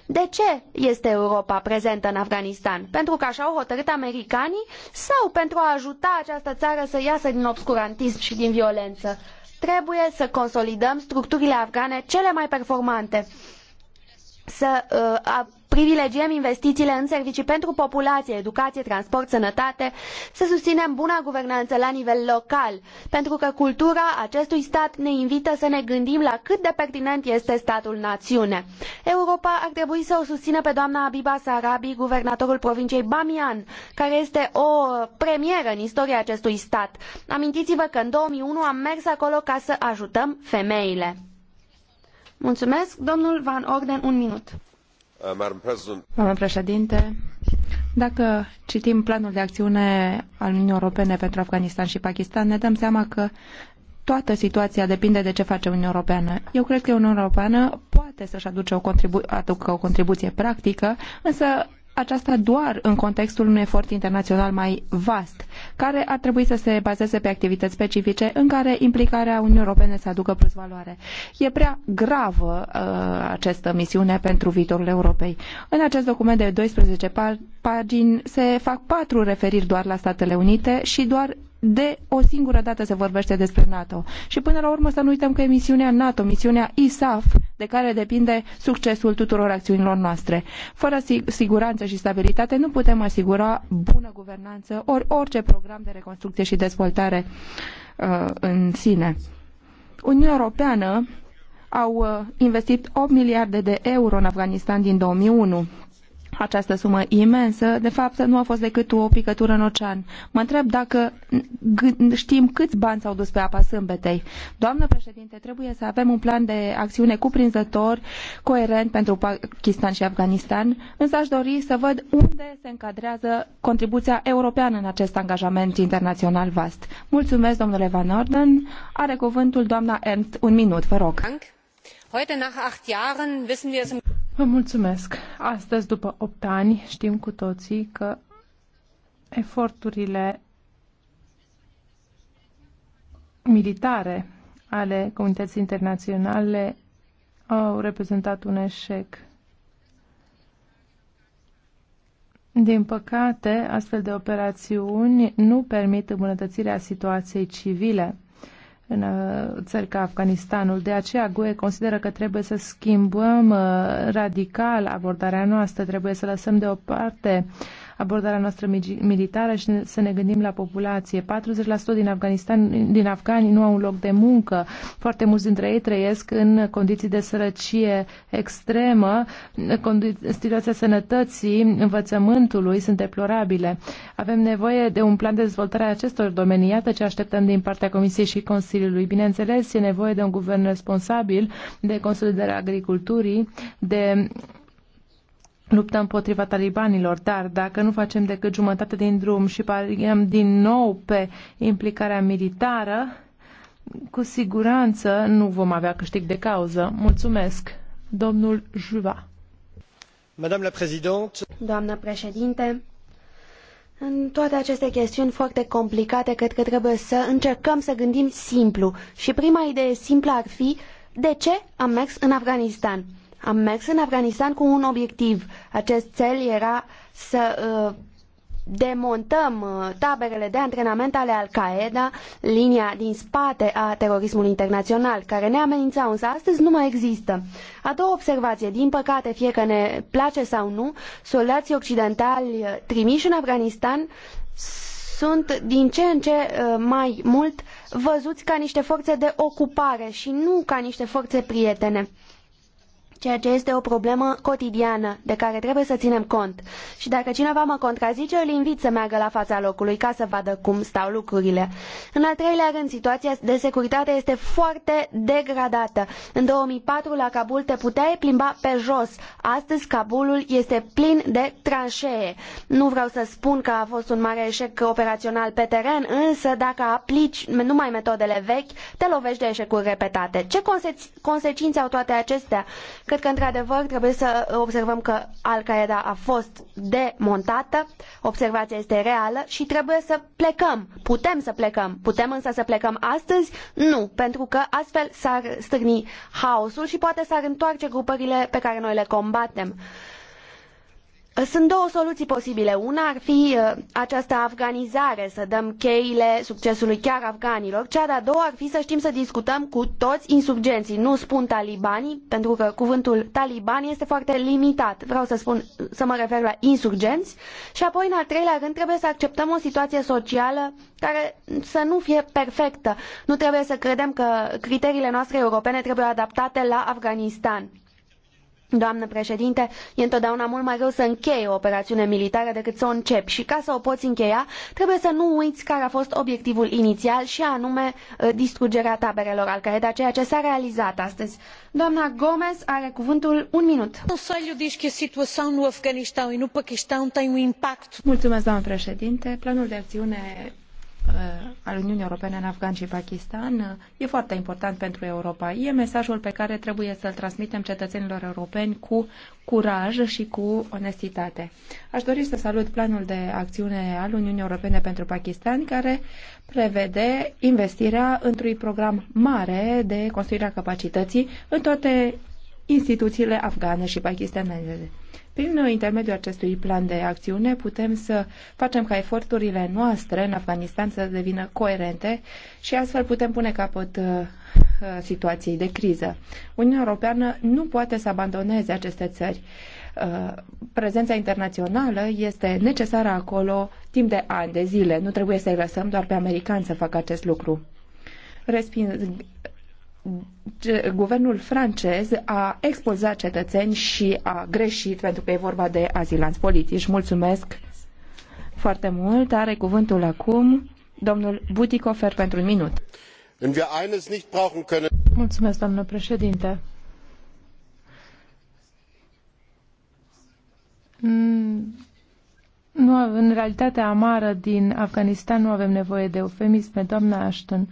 De ce este Europa prezentă în Afganistan? Pentru că așa au hotărât americanii sau pentru a ajuta această țară să iasă din obscurantism și din violență? Trebuie să consolidăm structurile afgane cele mai performante să uh, privilegiem investițiile în servicii pentru populație, educație, transport, sănătate, să susținem buna guvernană la nivel local, pentru că cultura acestui stat ne invită să ne gândim la cât de pertinent este statul națiune. Europa ar trebui să o susțină pe doamna Abiba Sarabi, guvernatorul provinciei Bamian, care este o premieră în istoria acestui stat. Amintiți-vă că în 2001 am mers acolo ca să ajutăm femeile. Mulțumesc, domnul Van Orden, un minut. Uh, președinte, dacă citim planul de acțiune al Uniunii Europene pentru Afganistan și Pakistan, ne dăm seama că toată situația depinde de ce face Uniunea Europeană. Eu cred că Uniunea Europeană poate să i o contribu- aducă o contribuție practică, însă aceasta doar în contextul unui efort internațional mai vast care ar trebui să se bazeze pe activități specifice în care implicarea Uniunii Europene să aducă plus valoare. E prea gravă uh, această misiune pentru viitorul Europei. În acest document de 12 pagini se fac patru referiri doar la Statele Unite și doar de o singură dată se vorbește despre NATO. Și până la urmă să nu uităm că e misiunea NATO, misiunea ISAF, de care depinde succesul tuturor acțiunilor noastre. Fără siguranță și stabilitate nu putem asigura bună guvernanță ori orice program de reconstrucție și dezvoltare uh, în sine. Uniunea Europeană au uh, investit 8 miliarde de euro în Afganistan din 2001 această sumă imensă, de fapt, nu a fost decât o picătură în ocean. Mă întreb dacă știm câți bani s-au dus pe apa sâmbetei. Doamnă președinte, trebuie să avem un plan de acțiune cuprinzător, coerent pentru Pakistan și Afganistan, însă aș dori să văd unde se încadrează contribuția europeană în acest angajament internațional vast. Mulțumesc, domnule Van Orden. Are cuvântul doamna Ernst. Un minut, vă rog. Vă mulțumesc. Astăzi, după 8 ani, știm cu toții că eforturile militare ale comunității internaționale au reprezentat un eșec. Din păcate, astfel de operațiuni nu permit îmbunătățirea situației civile în uh, țări ca Afganistanul. De aceea GUE consideră că trebuie să schimbăm uh, radical abordarea noastră, trebuie să lăsăm deoparte uh, abordarea noastră militară și să ne gândim la populație. 40% din, Afganistan, din afgani nu au un loc de muncă. Foarte mulți dintre ei trăiesc în condiții de sărăcie extremă. Situația sănătății, învățământului sunt deplorabile. Avem nevoie de un plan de dezvoltare a acestor domenii. Iată ce așteptăm din partea Comisiei și Consiliului. Bineînțeles, e nevoie de un guvern responsabil, de consolidarea agriculturii, de luptă împotriva talibanilor, dar dacă nu facem decât jumătate din drum și pariem din nou pe implicarea militară, cu siguranță nu vom avea câștig de cauză. Mulțumesc, domnul Juva. Madame Doamnă președinte, în toate aceste chestiuni foarte complicate, cred că trebuie să încercăm să gândim simplu. Și prima idee simplă ar fi de ce am mers în Afganistan. Am mers în Afganistan cu un obiectiv. Acest cel era să uh, demontăm uh, taberele de antrenament ale Al-Qaeda, linia din spate a terorismului internațional, care ne amenința, însă astăzi nu mai există. A doua observație, din păcate, fie că ne place sau nu, soldații occidentali uh, trimiși în Afganistan sunt din ce în ce mai mult văzuți ca niște forțe de ocupare și nu ca niște forțe prietene ceea ce este o problemă cotidiană de care trebuie să ținem cont. Și dacă cineva mă contrazice, îl invit să meargă la fața locului ca să vadă cum stau lucrurile. În al treilea rând, situația de securitate este foarte degradată. În 2004 la Kabul te puteai plimba pe jos. Astăzi Kabulul este plin de tranșee. Nu vreau să spun că a fost un mare eșec operațional pe teren, însă dacă aplici numai metodele vechi, te lovești de eșecuri repetate. Ce conse- consecințe au toate acestea? Că cred că, într-adevăr, trebuie să observăm că Al-Qaeda a fost demontată, observația este reală și trebuie să plecăm. Putem să plecăm. Putem însă să plecăm astăzi? Nu, pentru că astfel s-ar stârni haosul și poate s-ar întoarce grupările pe care noi le combatem. Sunt două soluții posibile. Una ar fi uh, această afganizare, să dăm cheile succesului chiar afganilor. Cea de-a doua ar fi să știm să discutăm cu toți insurgenții. Nu spun talibanii, pentru că cuvântul taliban este foarte limitat. Vreau să spun, să mă refer la insurgenți. Și apoi, în al treilea rând, trebuie să acceptăm o situație socială care să nu fie perfectă. Nu trebuie să credem că criteriile noastre europene trebuie adaptate la Afganistan Doamnă președinte, e întotdeauna mult mai greu să închei o operațiune militară decât să o încep și ca să o poți încheia, trebuie să nu uiți care a fost obiectivul inițial și anume uh, distrugerea taberelor al Qaeda, ceea ce s-a realizat astăzi. Doamna Gomez are cuvântul un minut. Consiliul diz că situația în Afganistan și în Pakistan tem un impact. Mulțumesc, doamnă președinte. Planul de acțiune Eh, al Uniunii Europene în Afgan și Pakistan e foarte important pentru Europa. E mesajul pe care trebuie să-l transmitem cetățenilor europeni cu curaj și cu onestitate. Aș dori să salut planul de acțiune al Uniunii Europene pentru Pakistan, care prevede investirea într-un program mare de construirea capacității în toate instituțiile afgane și pakistaneze. Prin intermediul acestui plan de acțiune putem să facem ca eforturile noastre în Afganistan să devină coerente și astfel putem pune capăt uh, uh, situației de criză. Uniunea Europeană nu poate să abandoneze aceste țări. Uh, prezența internațională este necesară acolo timp de ani, de zile. Nu trebuie să-i lăsăm doar pe americani să facă acest lucru. Resping guvernul francez a expulzat cetățeni și a greșit pentru că e vorba de azilanți politici. Mulțumesc foarte mult. Are cuvântul acum domnul Butikofer pentru un minut. Mulțumesc, doamnă președinte. Nu, în realitatea amară din Afganistan nu avem nevoie de eufemisme, doamna Ashton.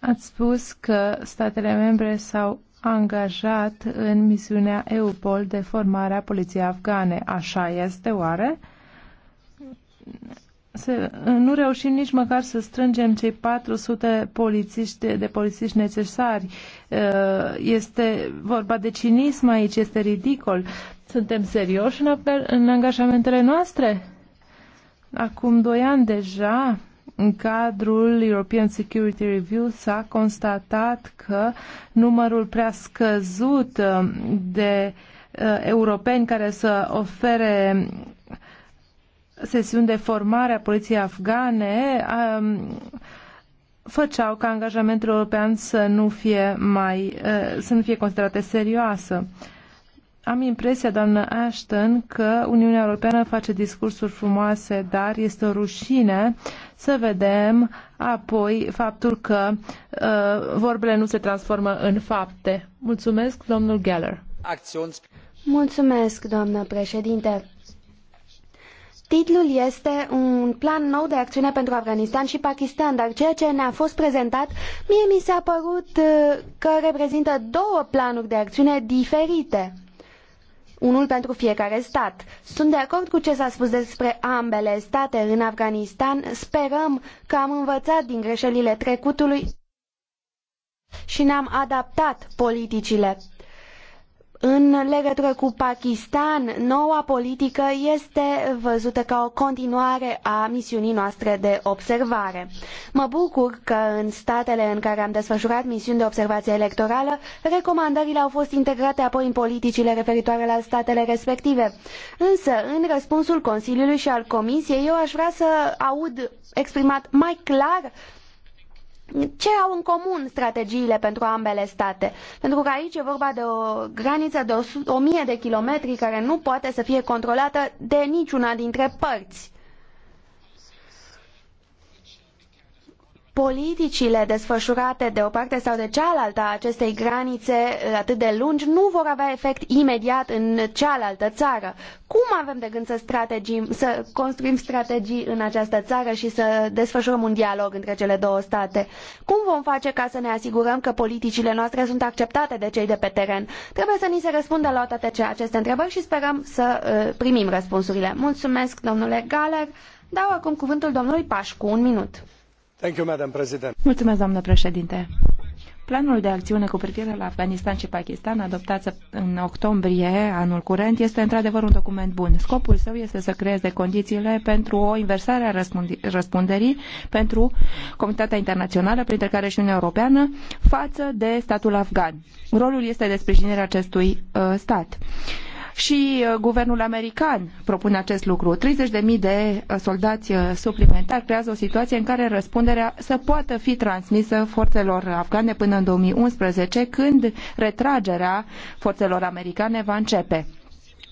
Ați spus că statele membre s-au angajat în misiunea EUPOL de formare a poliției afgane. Așa este oare? Se, nu reușim nici măcar să strângem cei 400 polițiști, de polițiști necesari. Uh, este vorba de cinism aici, este ridicol. Suntem serioși în, în angajamentele noastre? Acum doi ani deja în cadrul European Security Review s-a constatat că numărul prea scăzut uh, de uh, europeni care să ofere sesiuni de formare a poliției afgane um, făceau ca angajamentul european să nu fie mai uh, să nu fie considerate serioasă. Am impresia, doamnă Ashton, că Uniunea Europeană face discursuri frumoase, dar este o rușine să vedem apoi faptul că uh, vorbele nu se transformă în fapte. Mulțumesc, domnul Geller. Mulțumesc, doamnă președinte. Titlul este un plan nou de acțiune pentru Afganistan și Pakistan, dar ceea ce ne-a fost prezentat, mie mi s-a părut uh, că reprezintă două planuri de acțiune diferite unul pentru fiecare stat. Sunt de acord cu ce s-a spus despre ambele state în Afganistan. Sperăm că am învățat din greșelile trecutului și ne-am adaptat politicile în legătură cu Pakistan, noua politică este văzută ca o continuare a misiunii noastre de observare. Mă bucur că în statele în care am desfășurat misiuni de observație electorală, recomandările au fost integrate apoi în politicile referitoare la statele respective. Însă, în răspunsul Consiliului și al Comisiei, eu aș vrea să aud exprimat mai clar ce au în comun strategiile pentru ambele state? Pentru că aici e vorba de o graniță de 100, 1000 de kilometri care nu poate să fie controlată de niciuna dintre părți. politicile desfășurate de o parte sau de cealaltă a acestei granițe uh, atât de lungi nu vor avea efect imediat în cealaltă țară. Cum avem de gând să, strategim, să construim strategii în această țară și să desfășurăm un dialog între cele două state? Cum vom face ca să ne asigurăm că politicile noastre sunt acceptate de cei de pe teren? Trebuie să ni se răspundă la toate aceste întrebări și sperăm să uh, primim răspunsurile. Mulțumesc, domnule Galer. Dau acum cuvântul domnului Pașcu, un minut. Mulțumesc, președinte. Planul de acțiune cu privire la Afganistan și Pakistan, adoptat în octombrie anul curent, este într-adevăr un document bun. Scopul său este să creeze condițiile pentru o inversare a răspunderii pentru comunitatea internațională, printre care și Uniunea Europeană, față de statul afgan. Rolul este de sprijinirea acestui uh, stat. Uh, și uh, guvernul american propune acest lucru. 30.000 de uh, soldați uh, suplimentari creează o situație în care răspunderea să poată fi transmisă forțelor afgane până în 2011, când retragerea forțelor americane va începe.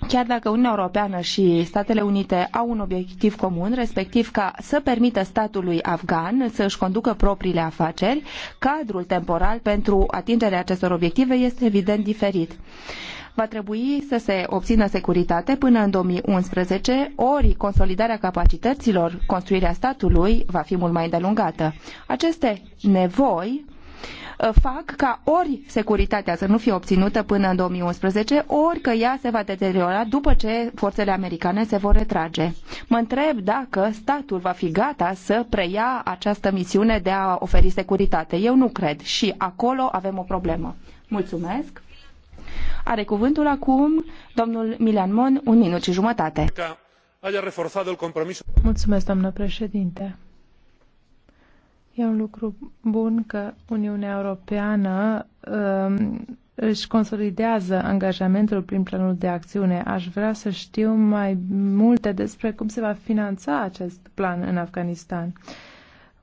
Chiar dacă Uniunea Europeană și Statele Unite au un obiectiv comun, respectiv ca să permită statului afgan să își conducă propriile afaceri, cadrul temporal pentru atingerea acestor obiective este evident diferit va trebui să se obțină securitate până în 2011, ori consolidarea capacităților, construirea statului va fi mult mai îndelungată. Aceste nevoi uh, fac ca ori securitatea să nu fie obținută până în 2011, ori că ea se va deteriora după ce forțele americane se vor retrage. Mă întreb dacă statul va fi gata să preia această misiune de a oferi securitate. Eu nu cred și acolo avem o problemă. Mulțumesc! Are cuvântul acum domnul Milan Mon, un minut și jumătate. Mulțumesc, doamnă președinte. E un lucru bun că Uniunea Europeană um, își consolidează angajamentul prin planul de acțiune. Aș vrea să știu mai multe despre cum se va finanța acest plan în Afganistan. Uh,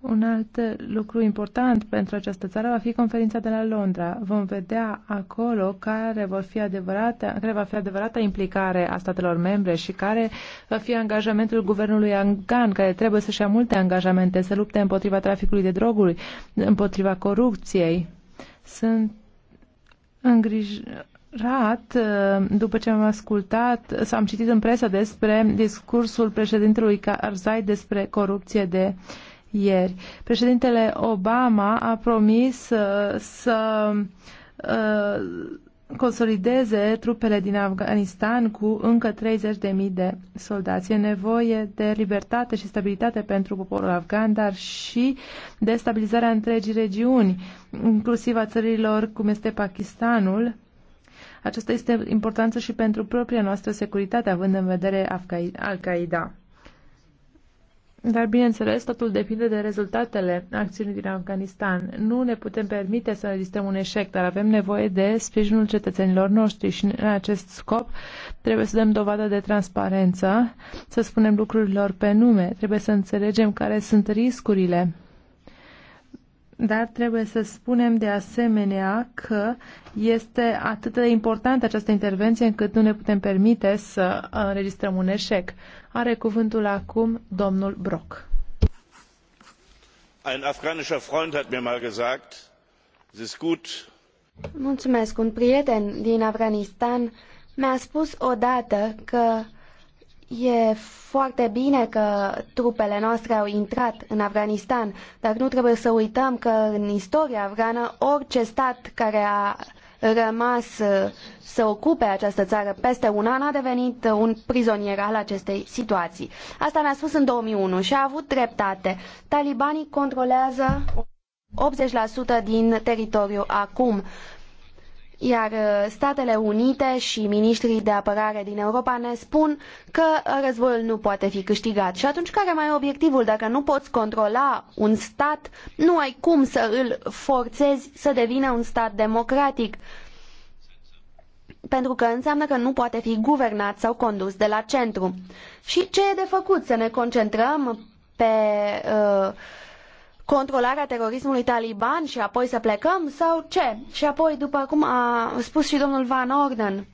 un alt lucru important pentru această țară va fi conferința de la Londra. Vom vedea acolo care, vor fi adevărate, care va fi adevărata implicare a statelor membre și care va fi angajamentul guvernului angan, care trebuie să-și ia multe angajamente, să lupte împotriva traficului de droguri, împotriva corupției. Sunt îngrijorat uh, după ce am ascultat, s-am citit în presă despre discursul președintelui Karzai despre corupție de uh, ieri. Președintele Obama a promis uh, să uh, consolideze trupele din Afganistan cu încă 30.000 de soldați. E nevoie de libertate și stabilitate pentru poporul afgan, dar și de stabilizarea întregii regiuni, inclusiv a țărilor cum este Pakistanul. Aceasta este importanță și pentru propria noastră securitate, având în vedere Al-Qaeda. Dar, bineînțeles, totul depinde de rezultatele acțiunii din Afganistan. Nu ne putem permite să rezistăm un eșec, dar avem nevoie de sprijinul cetățenilor noștri și, în acest scop, trebuie să dăm dovadă de transparență, să spunem lucrurilor pe nume, trebuie să înțelegem care sunt riscurile. Dar trebuie să spunem de asemenea că este atât de importantă această intervenție încât nu ne putem permite să înregistrăm uh, un eșec. Are cuvântul acum domnul Brock. Ein afghanischer Freund hat mir mal gesagt, es ist gut. Mulțumesc. Un prieten din Afganistan mi-a spus odată că E foarte bine că trupele noastre au intrat în Afganistan, dar nu trebuie să uităm că în istoria afgană orice stat care a rămas uh, să ocupe această țară peste un an a devenit uh, un prizonier al acestei situații. Asta mi-a spus în 2001 și a avut dreptate. Talibanii controlează 80% din teritoriu acum. Iar uh, Statele Unite și ministrii de apărare din Europa ne spun că războiul nu poate fi câștigat. Și atunci care mai e obiectivul? Dacă nu poți controla un stat, nu ai cum să îl forțezi să devină un stat democratic. Pentru că înseamnă că nu poate fi guvernat sau condus de la centru. Și ce e de făcut? Să ne concentrăm pe uh, controlarea terorismului taliban și apoi să plecăm sau ce? Și apoi, după cum a spus și domnul Van Orden,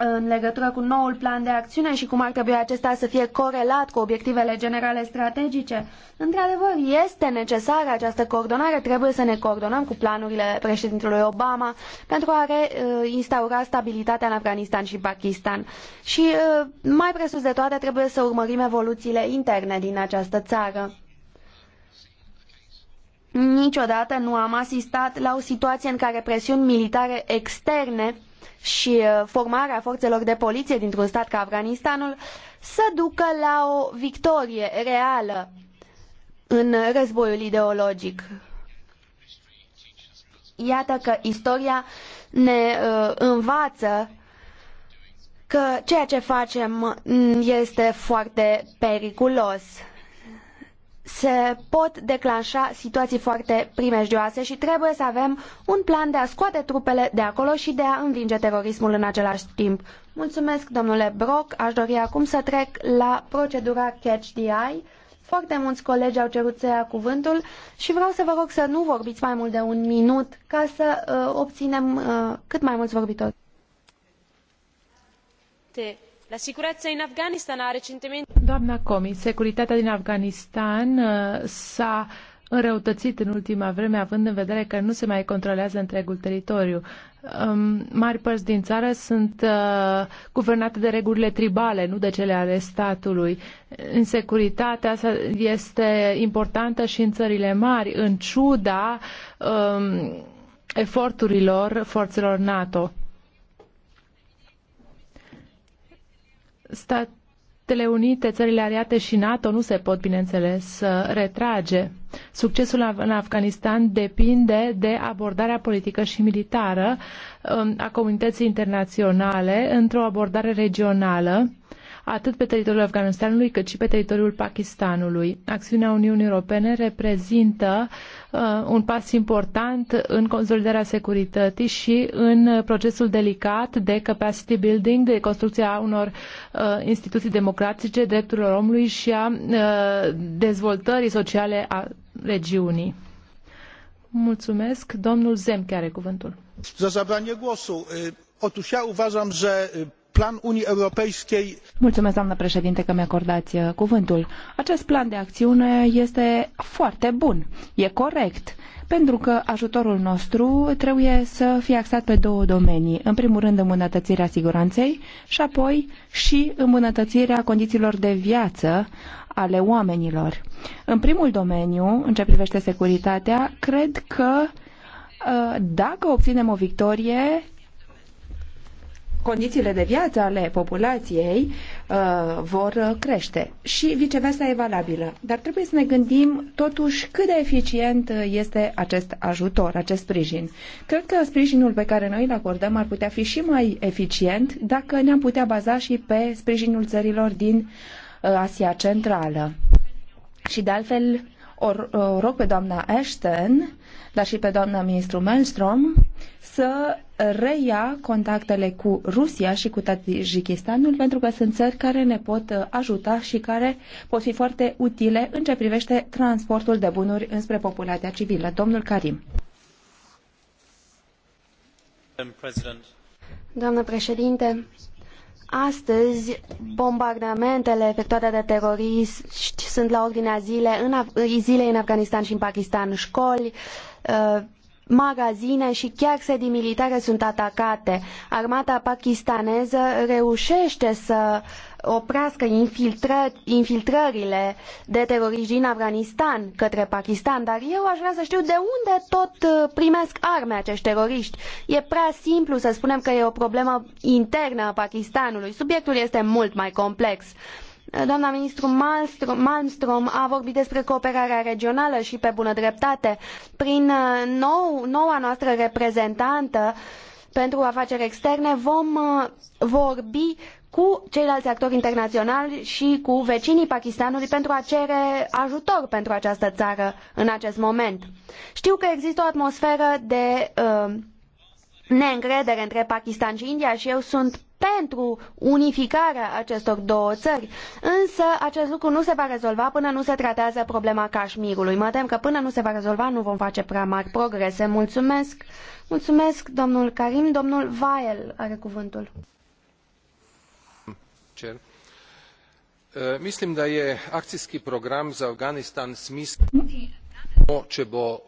în legătură cu noul plan de acțiune și cum ar trebui acesta să fie corelat cu obiectivele generale strategice. Într-adevăr, este necesară această coordonare, trebuie să ne coordonăm cu planurile președintelui Obama pentru a reinstaura stabilitatea în Afganistan și Pakistan. Și eh, mai presus de toate, trebuie să urmărim evoluțiile interne din această țară. Niciodată nu am asistat la o situație în care presiuni militare externe și uh, formarea forțelor de poliție dintr-un stat ca Afganistanul să ducă la o victorie reală în războiul ideologic. Iată că istoria ne uh, învață că ceea ce facem este foarte periculos se pot declanșa situații foarte primejdioase și trebuie să avem un plan de a scoate trupele de acolo și de a învinge terorismul în același timp. Mulțumesc, domnule Brock. Aș dori acum să trec la procedura Catch the Eye. Foarte mulți colegi au cerut să ia cuvântul și vreau să vă rog să nu vorbiți mai mult de un minut ca să uh, obținem uh, cât mai mulți vorbitori. La sicurezza in Afghanistan a recentemente Doamna Comi, securitatea din Afganistan uh, s-a înrăutățit în ultima vreme, având în vedere că nu se mai controlează întregul teritoriu. Um, mari părți din țară sunt uh, guvernate de regulile tribale, nu de cele ale statului. Securitatea este importantă și în țările mari, în ciuda um, eforturilor forțelor NATO. Stat Statele Unite, țările aliate și NATO nu se pot, bineînțeles, retrage. Succesul în Afganistan depinde de abordarea politică și militară um, a comunității internaționale într-o abordare regională atât pe teritoriul Afganistanului cât și pe teritoriul Pakistanului. Acțiunea Uniunii Europene reprezintă uh, un pas important în consolidarea securității și în procesul delicat de capacity building, de construcția unor uh, instituții democratice, drepturilor omului și a uh, dezvoltării sociale a regiunii. Mulțumesc. Domnul Zemke are cuvântul. Za zabranie głosu. Otóż ja plan Unii Europejskiej. Mulțumesc, doamnă președinte, că mi-acordați uh, cuvântul. Acest plan de acțiune este foarte bun, e corect, pentru că ajutorul nostru trebuie să fie axat pe două domenii. În primul rând, îmbunătățirea siguranței și apoi și îmbunătățirea condițiilor de viață ale oamenilor. În primul domeniu, în ce privește securitatea, cred că uh, dacă obținem o victorie, condițiile de viață ale populației uh, vor crește și viceversa e valabilă. Dar trebuie să ne gândim totuși cât de eficient uh, este acest ajutor, acest sprijin. Cred că sprijinul pe care noi îl acordăm ar putea fi și mai eficient dacă ne-am putea baza și pe sprijinul țărilor din uh, Asia Centrală. Și de altfel, o rog pe doamna Ashton, dar și pe doamna ministru Malmström, să reia contactele cu Rusia și cu Tajikistanul, pentru că sunt țări care ne pot uh, ajuta și care pot fi foarte utile în ce privește transportul de bunuri înspre populația civilă. Domnul Karim. Doamnă președinte, Astăzi, bombardamentele efectuate de teroriști sunt la ordinea zile în zile în Afganistan și în Pakistan. Școli, uh, magazine și chiar sedii militare sunt atacate. Armata pakistaneză reușește să oprească infiltră, infiltrările de teroriști din Afganistan către Pakistan, dar eu aș vrea să știu de unde tot uh, primesc arme acești teroriști. E prea simplu să spunem că e o problemă internă a Pakistanului. Subiectul este mult mai complex. Doamna ministru Malmström a vorbit despre cooperarea regională și pe bună dreptate. Prin uh, nou, noua noastră reprezentantă pentru afaceri externe vom uh, vorbi cu ceilalți actori internaționali și cu vecinii Pakistanului pentru a cere ajutor pentru această țară în acest moment. Știu că există o atmosferă de uh, neîncredere între Pakistan și India și eu sunt pentru unificarea acestor două țări, însă acest lucru nu se va rezolva până nu se tratează problema Cașmirului. Mă tem că până nu se va rezolva nu vom face prea mari progrese. Mulțumesc! Mulțumesc, domnul Karim. Domnul Vael are cuvântul. Cer. Mislim da je akcijski program za Afganistan smisli o čebo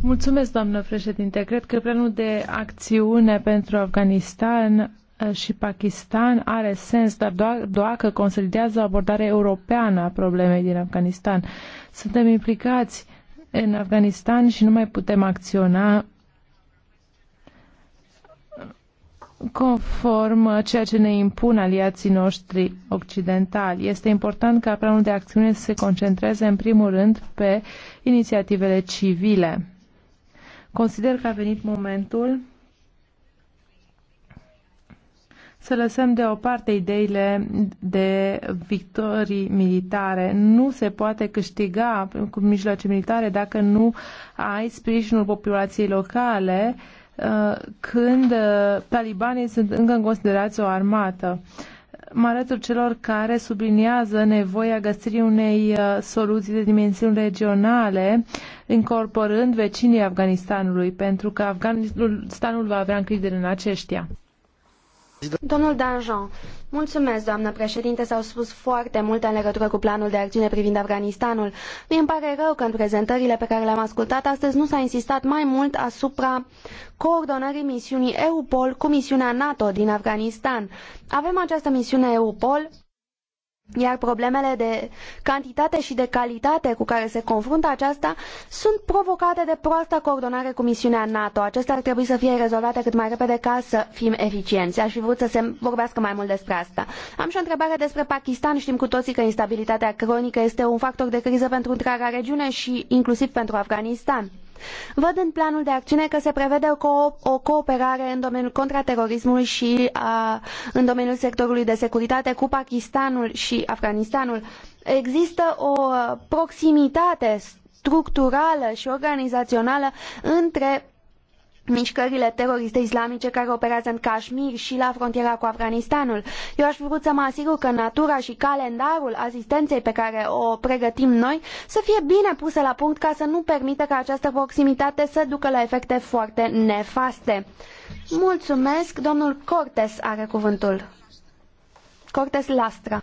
Mulțumesc, doamnă președinte. Cred că planul de acțiune pentru Afganistan și Pakistan are sens, dar doar, doar că consolidează abordarea europeană a problemei din Afganistan. Suntem implicați în Afganistan și nu mai putem acționa conform ceea ce ne impun aliații noștri occidentali. Este important ca planul de acțiune să se concentreze în primul rând pe inițiativele civile. Consider că a venit momentul să lăsăm deoparte ideile de victorii militare. Nu se poate câștiga cu mijloace militare dacă nu ai sprijinul populației locale uh, Uh, când uh, talibanii sunt încă în considerație o armată. Mă arătul celor care subliniază nevoia găsirii unei uh, soluții de dimensiuni regionale, incorporând vecinii Afganistanului, pentru că Afganistanul va avea încredere în aceștia. Domnul Danjean, mulțumesc, doamnă președinte, s-au spus foarte multe în legătură cu planul de acțiune privind Afganistanul. Mi îmi pare rău că în prezentările pe care le-am ascultat astăzi nu s-a insistat mai mult asupra coordonării misiunii EUPOL cu misiunea NATO din Afganistan. Avem această misiune EUPOL iar problemele de cantitate și de calitate cu care se confruntă aceasta sunt provocate de proasta coordonare cu misiunea NATO. Acestea ar trebui să fie rezolvate cât mai repede ca să fim eficienți. Aș fi vrut să se vorbească mai mult despre asta. Am și o întrebare despre Pakistan. Știm cu toții că instabilitatea cronică este un factor de criză pentru întreaga regiune și inclusiv pentru Afganistan. Văd în planul de acțiune că se prevede o cooperare în domeniul contraterorismului și a, în domeniul sectorului de securitate cu Pakistanul și Afganistanul. Există o proximitate structurală și organizațională între mișcările teroriste islamice care operează în Kashmir și la frontiera cu Afganistanul. Eu aș vrut să mă asigur că natura și calendarul asistenței pe care o pregătim noi să fie bine puse la punct ca să nu permită ca această proximitate să ducă la efecte foarte nefaste. Mulțumesc, domnul Cortes are cuvântul. Cortes Lastra.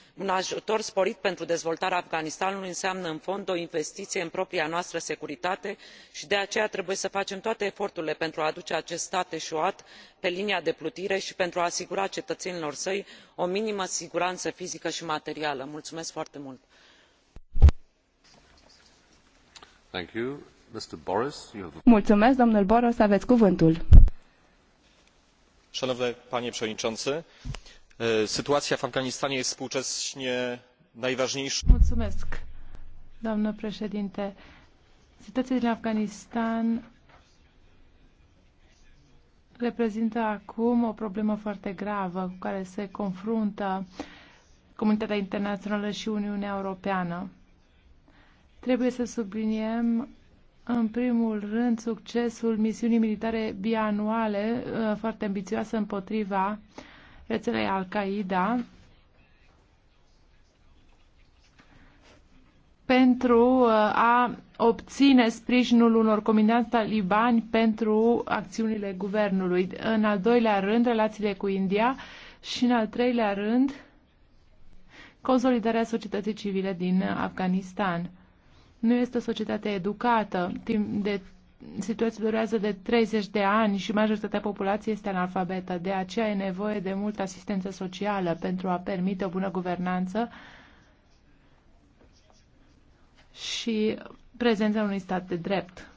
un ajutor sporit pentru dezvoltarea afganistanului înseamnă în fond o investiie în propria noastră securitate i de aceea trebuie să facem toate eforturile pentru a aduce acest stat euat pe linia de plutire i pentru a asigura cetăenilor săi o minimă sigurană fizică i materială. foarte mult! Mulțumesc, aveți cuvântul sytuacja w afganistanie jest współcześnie najważniejszym doamnă președinte. Situația din Afganistan reprezintă acum foarte cu care se confruntă comunitatea internațională și Uniunea Europeană. Trebuie să subliniem în primul rând succesul misiunii militare foarte împotriva rețelei Al-Qaeda pentru uh, a obține sprijinul unor combinați talibani pentru acțiunile guvernului. În al doilea rând, relațiile cu India și în al treilea rând, consolidarea societății civile din Afganistan. Nu este o societate educată timp de situație durează de 30 de ani și majoritatea populației este analfabetă. De aceea e nevoie de multă asistență socială pentru a permite o bună guvernanță și prezența unui stat de drept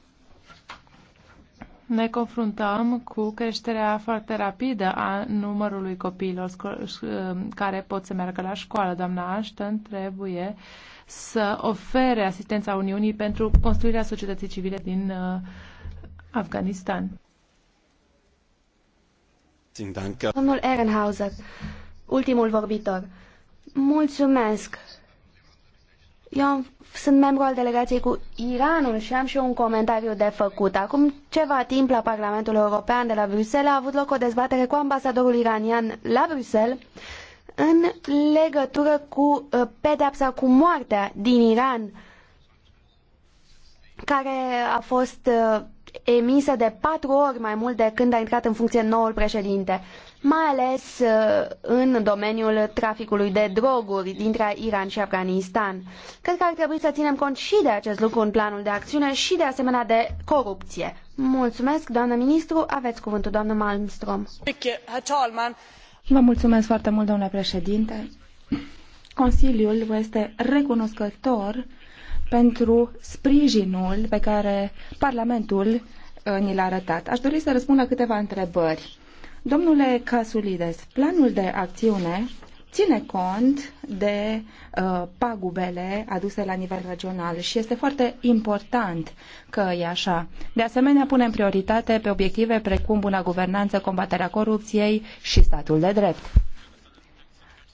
ne confruntăm cu creșterea foarte rapidă a numărului copiilor um, care pot să meargă la școală. Doamna Ashton trebuie să ofere asistența Uniunii pentru construirea societății civile din uh, Afganistan. Domnul Ehrenhauser, ultimul vorbitor. Mulțumesc. Eu sunt membru al delegației cu Iranul și am și eu un comentariu de făcut. Acum ceva timp la Parlamentul European de la Bruxelles a avut loc o dezbatere cu ambasadorul iranian la Bruxelles în legătură cu uh, pedepsa cu moartea din Iran care a fost uh, emisă de patru ori mai mult de când a intrat în funcție noul președinte mai ales uh, în domeniul traficului de droguri dintre Iran și Afganistan. Cred că ar trebui să ținem cont și de acest lucru în planul de acțiune și de asemenea de corupție. Mulțumesc, doamnă ministru. Aveți cuvântul, doamnă Malmström. Vă mulțumesc foarte mult, domnule președinte. Consiliul vă este recunoscător pentru sprijinul pe care Parlamentul uh, ni l-a arătat. Aș dori să răspund la câteva întrebări Domnule Casulides, planul de acțiune ține cont de uh, pagubele aduse la nivel regional și este foarte important că e așa. De asemenea, punem prioritate pe obiective precum buna guvernanță, combaterea corupției și statul de drept.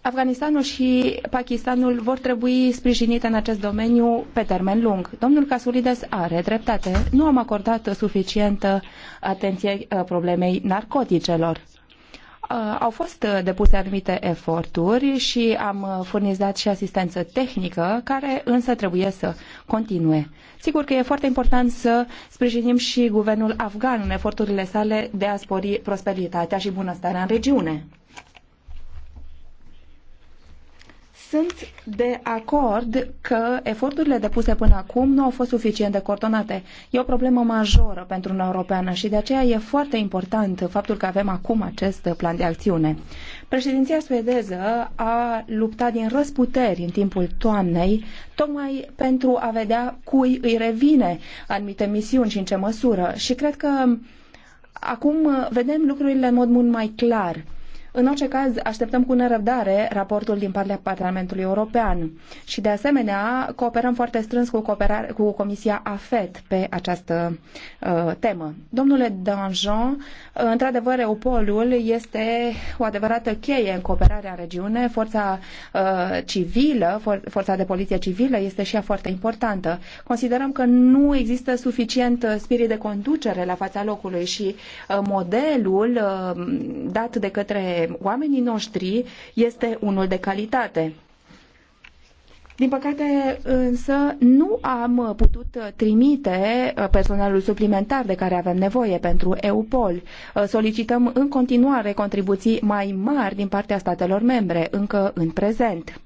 Afganistanul și Pakistanul vor trebui sprijinite în acest domeniu pe termen lung. Domnul Casulides are dreptate. Nu am acordat suficientă atenție uh, problemei narcoticelor. Uh, au fost uh, depuse anumite eforturi și am furnizat și asistență tehnică, care însă trebuie să continue. Sigur că e foarte important să sprijinim și guvernul afgan în eforturile sale de a spori prosperitatea și bunăstarea în regiune. Sunt de acord că eforturile depuse până acum nu au fost suficient de coordonate. E o problemă majoră pentru Uniunea Europeană și de aceea e foarte important faptul că avem acum acest plan de acțiune. Președinția suedeză a luptat din răsputeri în timpul toamnei, tocmai pentru a vedea cui îi revine anumite misiuni și în ce măsură. Și cred că acum vedem lucrurile în mod mult mai clar în orice caz, așteptăm cu nerăbdare raportul din partea Parlamentului European și, de asemenea, cooperăm foarte strâns cu, cooperare, cu Comisia AFET pe această uh, temă. Domnule Danjean, într-adevăr, Eupolul este o adevărată cheie în cooperarea regiune. Forța uh, civilă, for, forța de poliție civilă este și ea foarte importantă. Considerăm că nu există suficient uh, spirit de conducere la fața locului și uh, modelul uh, dat de către oamenii noștri este unul de calitate. Din păcate, însă, nu am putut trimite uh, personalul suplimentar de care avem nevoie pentru EUPOL. Uh, solicităm în continuare contribuții mai mari din partea statelor membre, încă în prezent.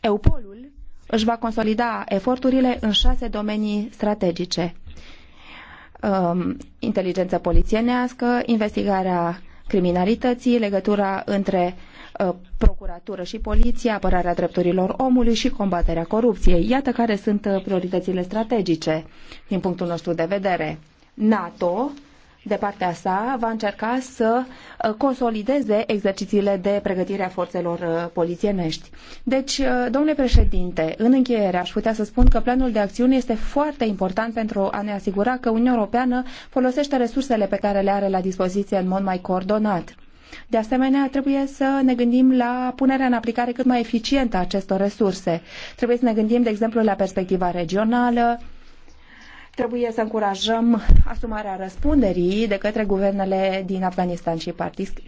EUPOL-ul își va consolida eforturile în șase domenii strategice um, inteligență polițienească, investigarea criminalității, legătura între uh, procuratură și poliție, apărarea drepturilor omului și combaterea corupției. Iată care sunt uh, prioritățile strategice din punctul nostru de vedere. NATO de partea sa, va încerca să uh, consolideze exercițiile de pregătire a forțelor uh, polițienești. Deci, uh, domnule președinte, în încheiere aș putea să spun că planul de acțiune este foarte important pentru a ne asigura că Uniunea Europeană folosește resursele pe care le are la dispoziție în mod mai coordonat. De asemenea, trebuie să ne gândim la punerea în aplicare cât mai eficientă a acestor resurse. Trebuie să ne gândim, de exemplu, la perspectiva regională, Trebuie să încurajăm asumarea răspunderii de către guvernele din Afganistan și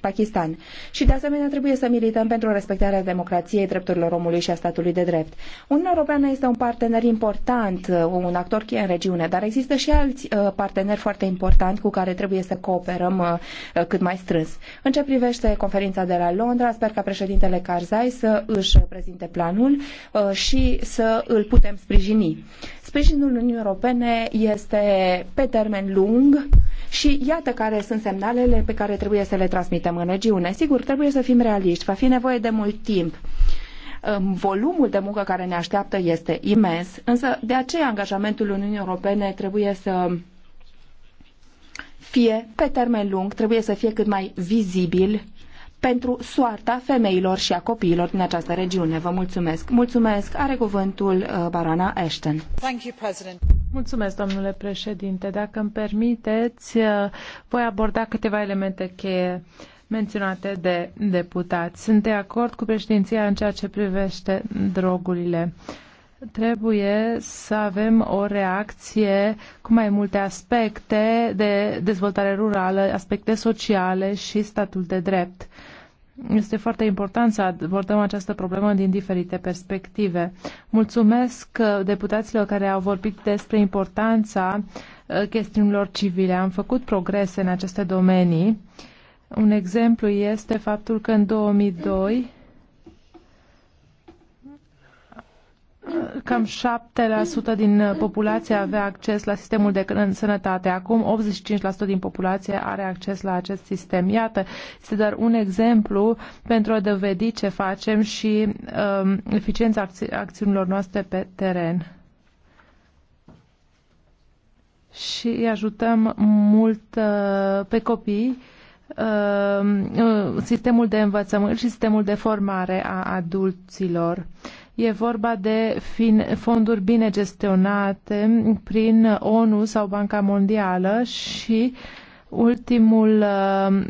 Pakistan. Și de asemenea trebuie să milităm pentru respectarea democrației, drepturilor omului și a statului de drept. Uniunea Europeană este un partener important, un actor cheie în regiune, dar există și alți uh, parteneri foarte importanti cu care trebuie să cooperăm uh, uh, cât mai strâns. În ce privește conferința de la Londra, sper ca președintele Karzai să își prezinte planul și să îl putem sprijini. Sprijinul Uniunii Europene este pe termen lung și iată care sunt semnalele pe care trebuie să le transmitem în regiune. Sigur, trebuie să fim realiști, va fi nevoie de mult timp. Volumul de muncă care ne așteaptă este imens, însă de aceea angajamentul Uniunii Europene trebuie să fie pe termen lung, trebuie să fie cât mai vizibil pentru soarta femeilor și a copiilor din această regiune. Vă mulțumesc. Mulțumesc. Are cuvântul uh, Barana Ashton. Thank you, President. Mulțumesc, domnule președinte. Dacă îmi permiteți, uh, voi aborda câteva elemente cheie menționate de deputați. Sunt de acord cu președinția în ceea ce privește drogurile. Trebuie să avem o reacție cu mai multe aspecte de dezvoltare rurală, aspecte sociale și statul de drept. Uh, este foarte important să abordăm această problemă din diferite perspective. Mulțumesc uh, deputaților care au vorbit despre importanța uh, chestiunilor civile. Am făcut progrese în aceste domenii. Un exemplu este faptul că în 2002 cam 7% din populație avea acces la sistemul de sănătate. Acum 85% din populație are acces la acest sistem. Iată, este doar un exemplu pentru a dovedi ce facem și um, eficiența acți- acțiunilor noastre pe teren. Și îi ajutăm mult uh, pe copii um, uh, sistemul de învățământ și sistemul de formare a adulților. E vorba de fonduri bine gestionate prin ONU sau Banca Mondială și ultimul uh,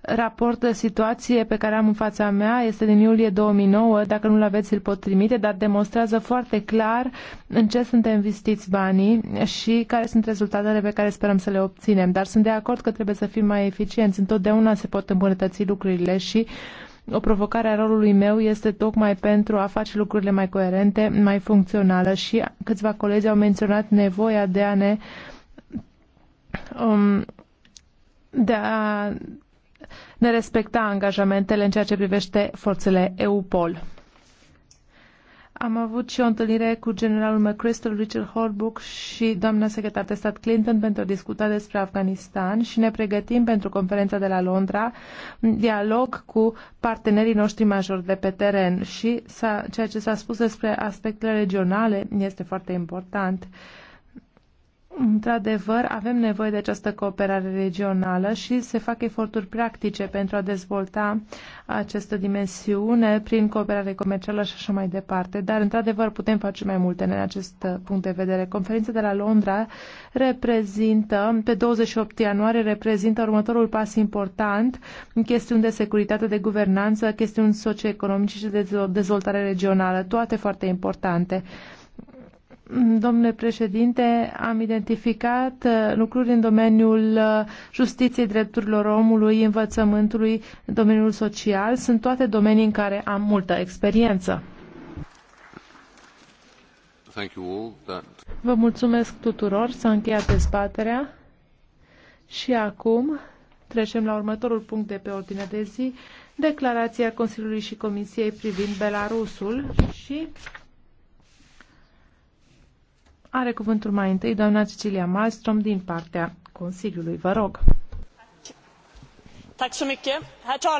raport de situație pe care am în fața mea este din iulie 2009. Dacă nu-l aveți, îl pot trimite, dar demonstrează foarte clar în ce sunt investiți banii și care sunt rezultatele pe care sperăm să le obținem. Dar sunt de acord că trebuie să fim mai eficienți. Întotdeauna se pot îmbunătăți lucrurile și uh, o provocare a rolului meu este tocmai pentru a face lucrurile mai coerente, mai funcționale. și câțiva colegi au menționat nevoia de a ne um, de a ne respecta angajamentele în ceea ce privește forțele EUPOL. Am avut și o întâlnire cu generalul McChrystal, Richard Holbrook și doamna secretar de stat Clinton pentru a discuta despre Afganistan și ne pregătim pentru conferința de la Londra, dialog cu partenerii noștri majori de pe teren și ceea ce s-a spus despre aspectele regionale este foarte important. Uh, Într-adevăr, avem nevoie de această cooperare regională și se fac eforturi practice pentru a dezvolta această dimensiune prin cooperare comercială și așa mai departe, dar într-adevăr putem face mai multe în acest uh, punct de vedere. Conferința de la Londra reprezintă, pe 28 ianuarie, reprezintă următorul pas important în chestiuni de securitate, de guvernanță, chestiuni socioeconomice și de dezvoltare regională, toate foarte importante. Domnule președinte, am identificat uh, lucruri în domeniul uh, justiției, drepturilor omului, învățământului, în domeniul social. Sunt toate domenii în care am multă experiență. Vă mulțumesc tuturor, s-a încheiat dezbaterea și acum trecem la următorul punct de pe ordinea de zi, declarația Consiliului și Comisiei privind Belarusul și are cuvântul mai întâi doamna Cecilia Malmström din partea Consiliului. Vă rog.